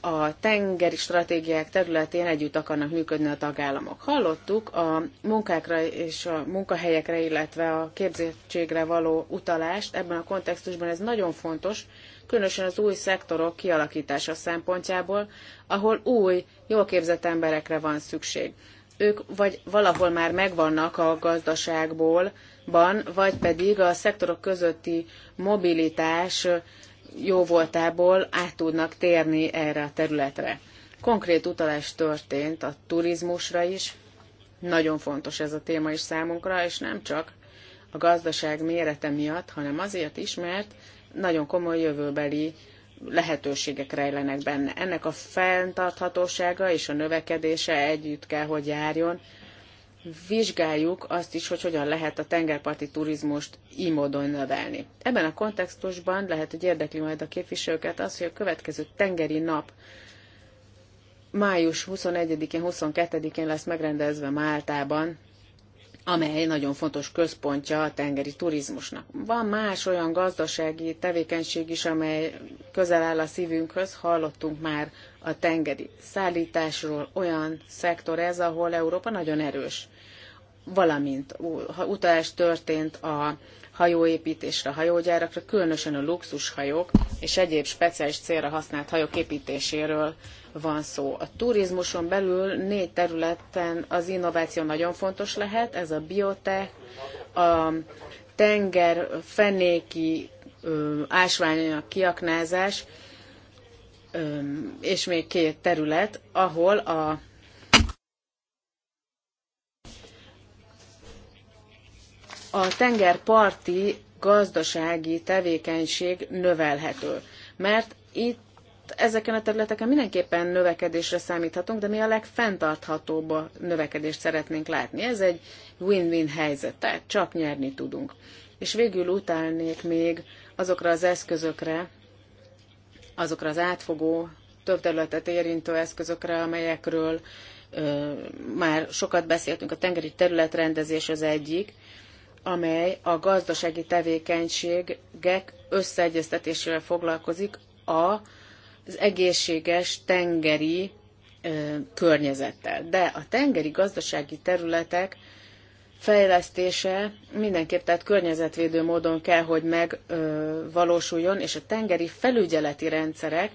a tengeri stratégiák területén együtt akarnak működni a tagállamok. Hallottuk a munkákra és a munkahelyekre, illetve a képzettségre való utalást. Ebben a kontextusban ez nagyon fontos, különösen az új szektorok kialakítása szempontjából, ahol új, jól képzett emberekre van szükség. Ők vagy valahol már megvannak a gazdaságból, vagy pedig a szektorok közötti mobilitás jó voltából át tudnak térni erre a területre. Konkrét utalás történt a turizmusra is, nagyon fontos ez a téma is számunkra, és nem csak a gazdaság mérete miatt, hanem azért is, mert nagyon komoly jövőbeli lehetőségek rejlenek benne. Ennek a fenntarthatósága és a növekedése együtt kell, hogy járjon vizsgáljuk azt is, hogy hogyan lehet a tengerparti turizmust így módon növelni. Ebben a kontextusban lehet, hogy érdekli majd a képviselőket az, hogy a következő tengeri nap május 21-én, 22-én lesz megrendezve Máltában, amely nagyon fontos központja a tengeri turizmusnak. Van más olyan gazdasági tevékenység is, amely közel áll a szívünkhöz, hallottunk már a tengeri szállításról, olyan szektor ez, ahol Európa nagyon erős. Valamint utalás történt a hajóépítésre, hajógyárakra, különösen a luxushajók és egyéb speciális célra használt hajók építéséről van szó. A turizmuson belül négy területen az innováció nagyon fontos lehet, ez a biotech, a tenger fenéki ásványanyag kiaknázás, és még két terület, ahol a a tengerparti gazdasági tevékenység növelhető, mert itt ezeken a területeken mindenképpen növekedésre számíthatunk, de mi a legfenntarthatóbb növekedést szeretnénk látni. Ez egy win-win helyzet, tehát csak nyerni tudunk. És végül utálnék még azokra az eszközökre, azokra az átfogó, több területet érintő eszközökre, amelyekről ö, már sokat beszéltünk. A tengeri területrendezés az egyik, amely a gazdasági tevékenységek összeegyeztetésével foglalkozik a az egészséges tengeri ö, környezettel. De a tengeri gazdasági területek fejlesztése mindenképp, tehát környezetvédő módon kell, hogy megvalósuljon, és a tengeri felügyeleti rendszerek,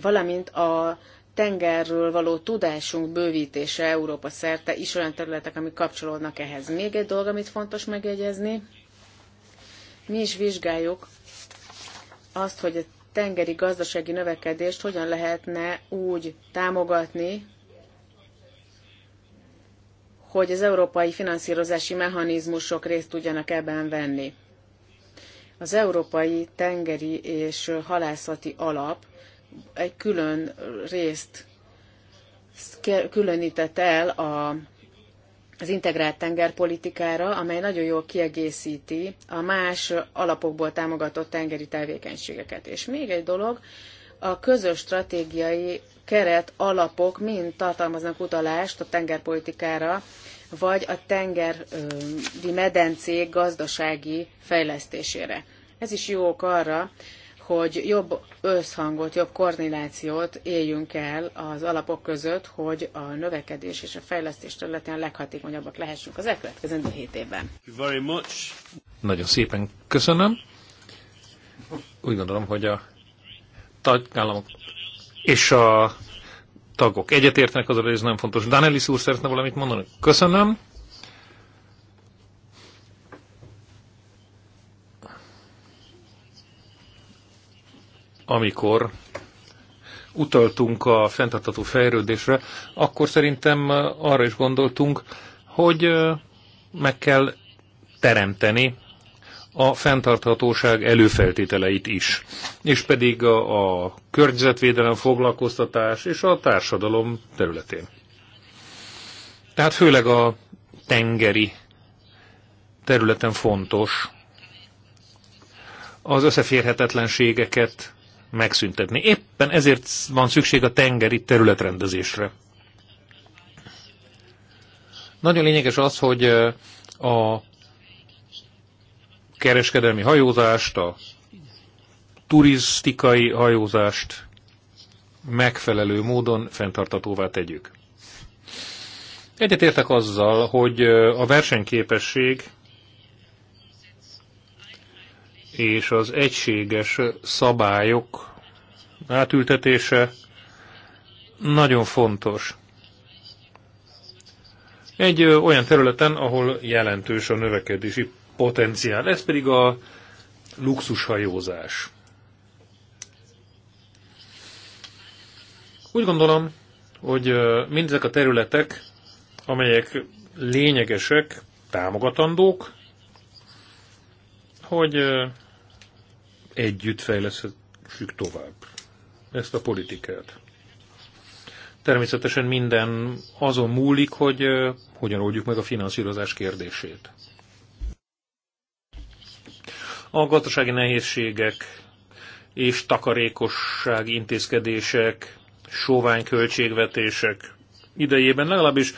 valamint a tengerről való tudásunk bővítése Európa szerte is olyan területek, amik kapcsolódnak ehhez. Még egy dolog, amit fontos megjegyezni, mi is vizsgáljuk azt, hogy a tengeri gazdasági növekedést hogyan lehetne úgy támogatni, hogy az európai finanszírozási mechanizmusok részt tudjanak ebben venni. Az Európai Tengeri és Halászati Alap egy külön részt különített el a az integrált tengerpolitikára, amely nagyon jól kiegészíti a más alapokból támogatott tengeri tevékenységeket. És még egy dolog, a közös stratégiai keret alapok mind tartalmaznak utalást a tengerpolitikára, vagy a tengeri medencék gazdasági fejlesztésére. Ez is jó ok arra, hogy jobb összhangot, jobb koordinációt éljünk el az alapok között, hogy a növekedés és a fejlesztés területén leghatékonyabbak lehessünk az elkövetkezendő hét évben. Nagyon szépen köszönöm. Úgy gondolom, hogy a tagállamok és a tagok egyetértnek, az ez nem fontos. Danelis úr szeretne valamit mondani? Köszönöm. amikor utaltunk a fenntartató fejlődésre, akkor szerintem arra is gondoltunk, hogy meg kell teremteni a fenntarthatóság előfeltételeit is, és pedig a, a környezetvédelem, foglalkoztatás és a társadalom területén. Tehát főleg a tengeri területen fontos az összeférhetetlenségeket megszüntetni. Éppen ezért van szükség a tengeri területrendezésre. Nagyon lényeges az, hogy a kereskedelmi hajózást, a turisztikai hajózást megfelelő módon fenntartatóvá tegyük. Egyetértek azzal, hogy a versenyképesség és az egységes szabályok átültetése nagyon fontos. Egy olyan területen, ahol jelentős a növekedési potenciál, ez pedig a luxushajózás. Úgy gondolom, hogy mindezek a területek, amelyek lényegesek, támogatandók, hogy együtt fejlesztjük tovább ezt a politikát. Természetesen minden azon múlik, hogy hogyan oldjuk meg a finanszírozás kérdését. A gazdasági nehézségek és takarékosság intézkedések, sovány költségvetések idejében legalábbis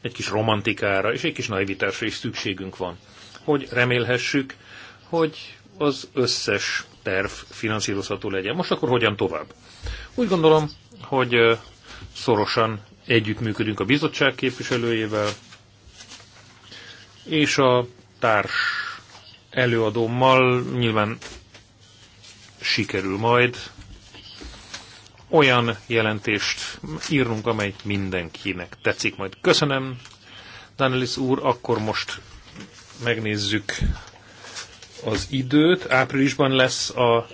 egy kis romantikára és egy kis naivitásra is szükségünk van, hogy remélhessük, hogy az összes terv finanszírozható legyen. Most akkor hogyan tovább? Úgy gondolom, hogy szorosan együttműködünk a bizottság képviselőjével, és a társ előadómmal nyilván sikerül majd olyan jelentést írnunk, amely mindenkinek tetszik majd. Köszönöm, Danielis úr, akkor most megnézzük az időt, áprilisban lesz a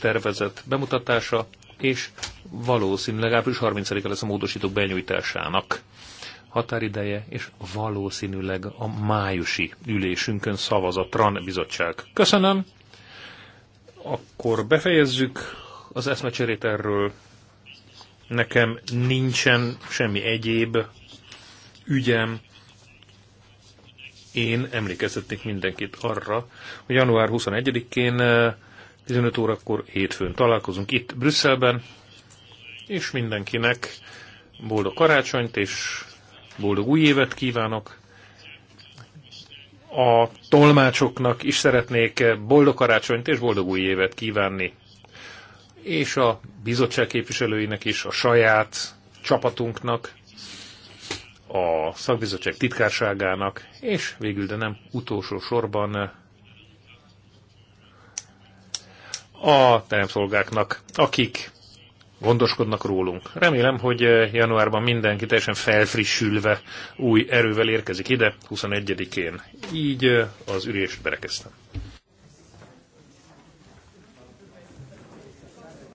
tervezet bemutatása, és valószínűleg április 30-a lesz a módosítók benyújtásának határideje, és valószínűleg a májusi ülésünkön szavaz a TRAN bizottság. Köszönöm! Akkor befejezzük az eszmecserét erről. Nekem nincsen semmi egyéb ügyem én emlékeztetnék mindenkit arra, hogy január 21-én 15 eh, órakor hétfőn találkozunk itt Brüsszelben, és mindenkinek boldog karácsonyt és boldog új évet kívánok. A tolmácsoknak is szeretnék boldog karácsonyt és boldog új évet kívánni. És a bizottság képviselőinek is, a saját csapatunknak, a szakbizottság titkárságának, és végül, de nem utolsó sorban a teremszolgáknak, akik gondoskodnak rólunk. Remélem, hogy eh, januárban mindenki teljesen felfrissülve új erővel érkezik ide, 21-én. Így eh, az ürést berekeztem.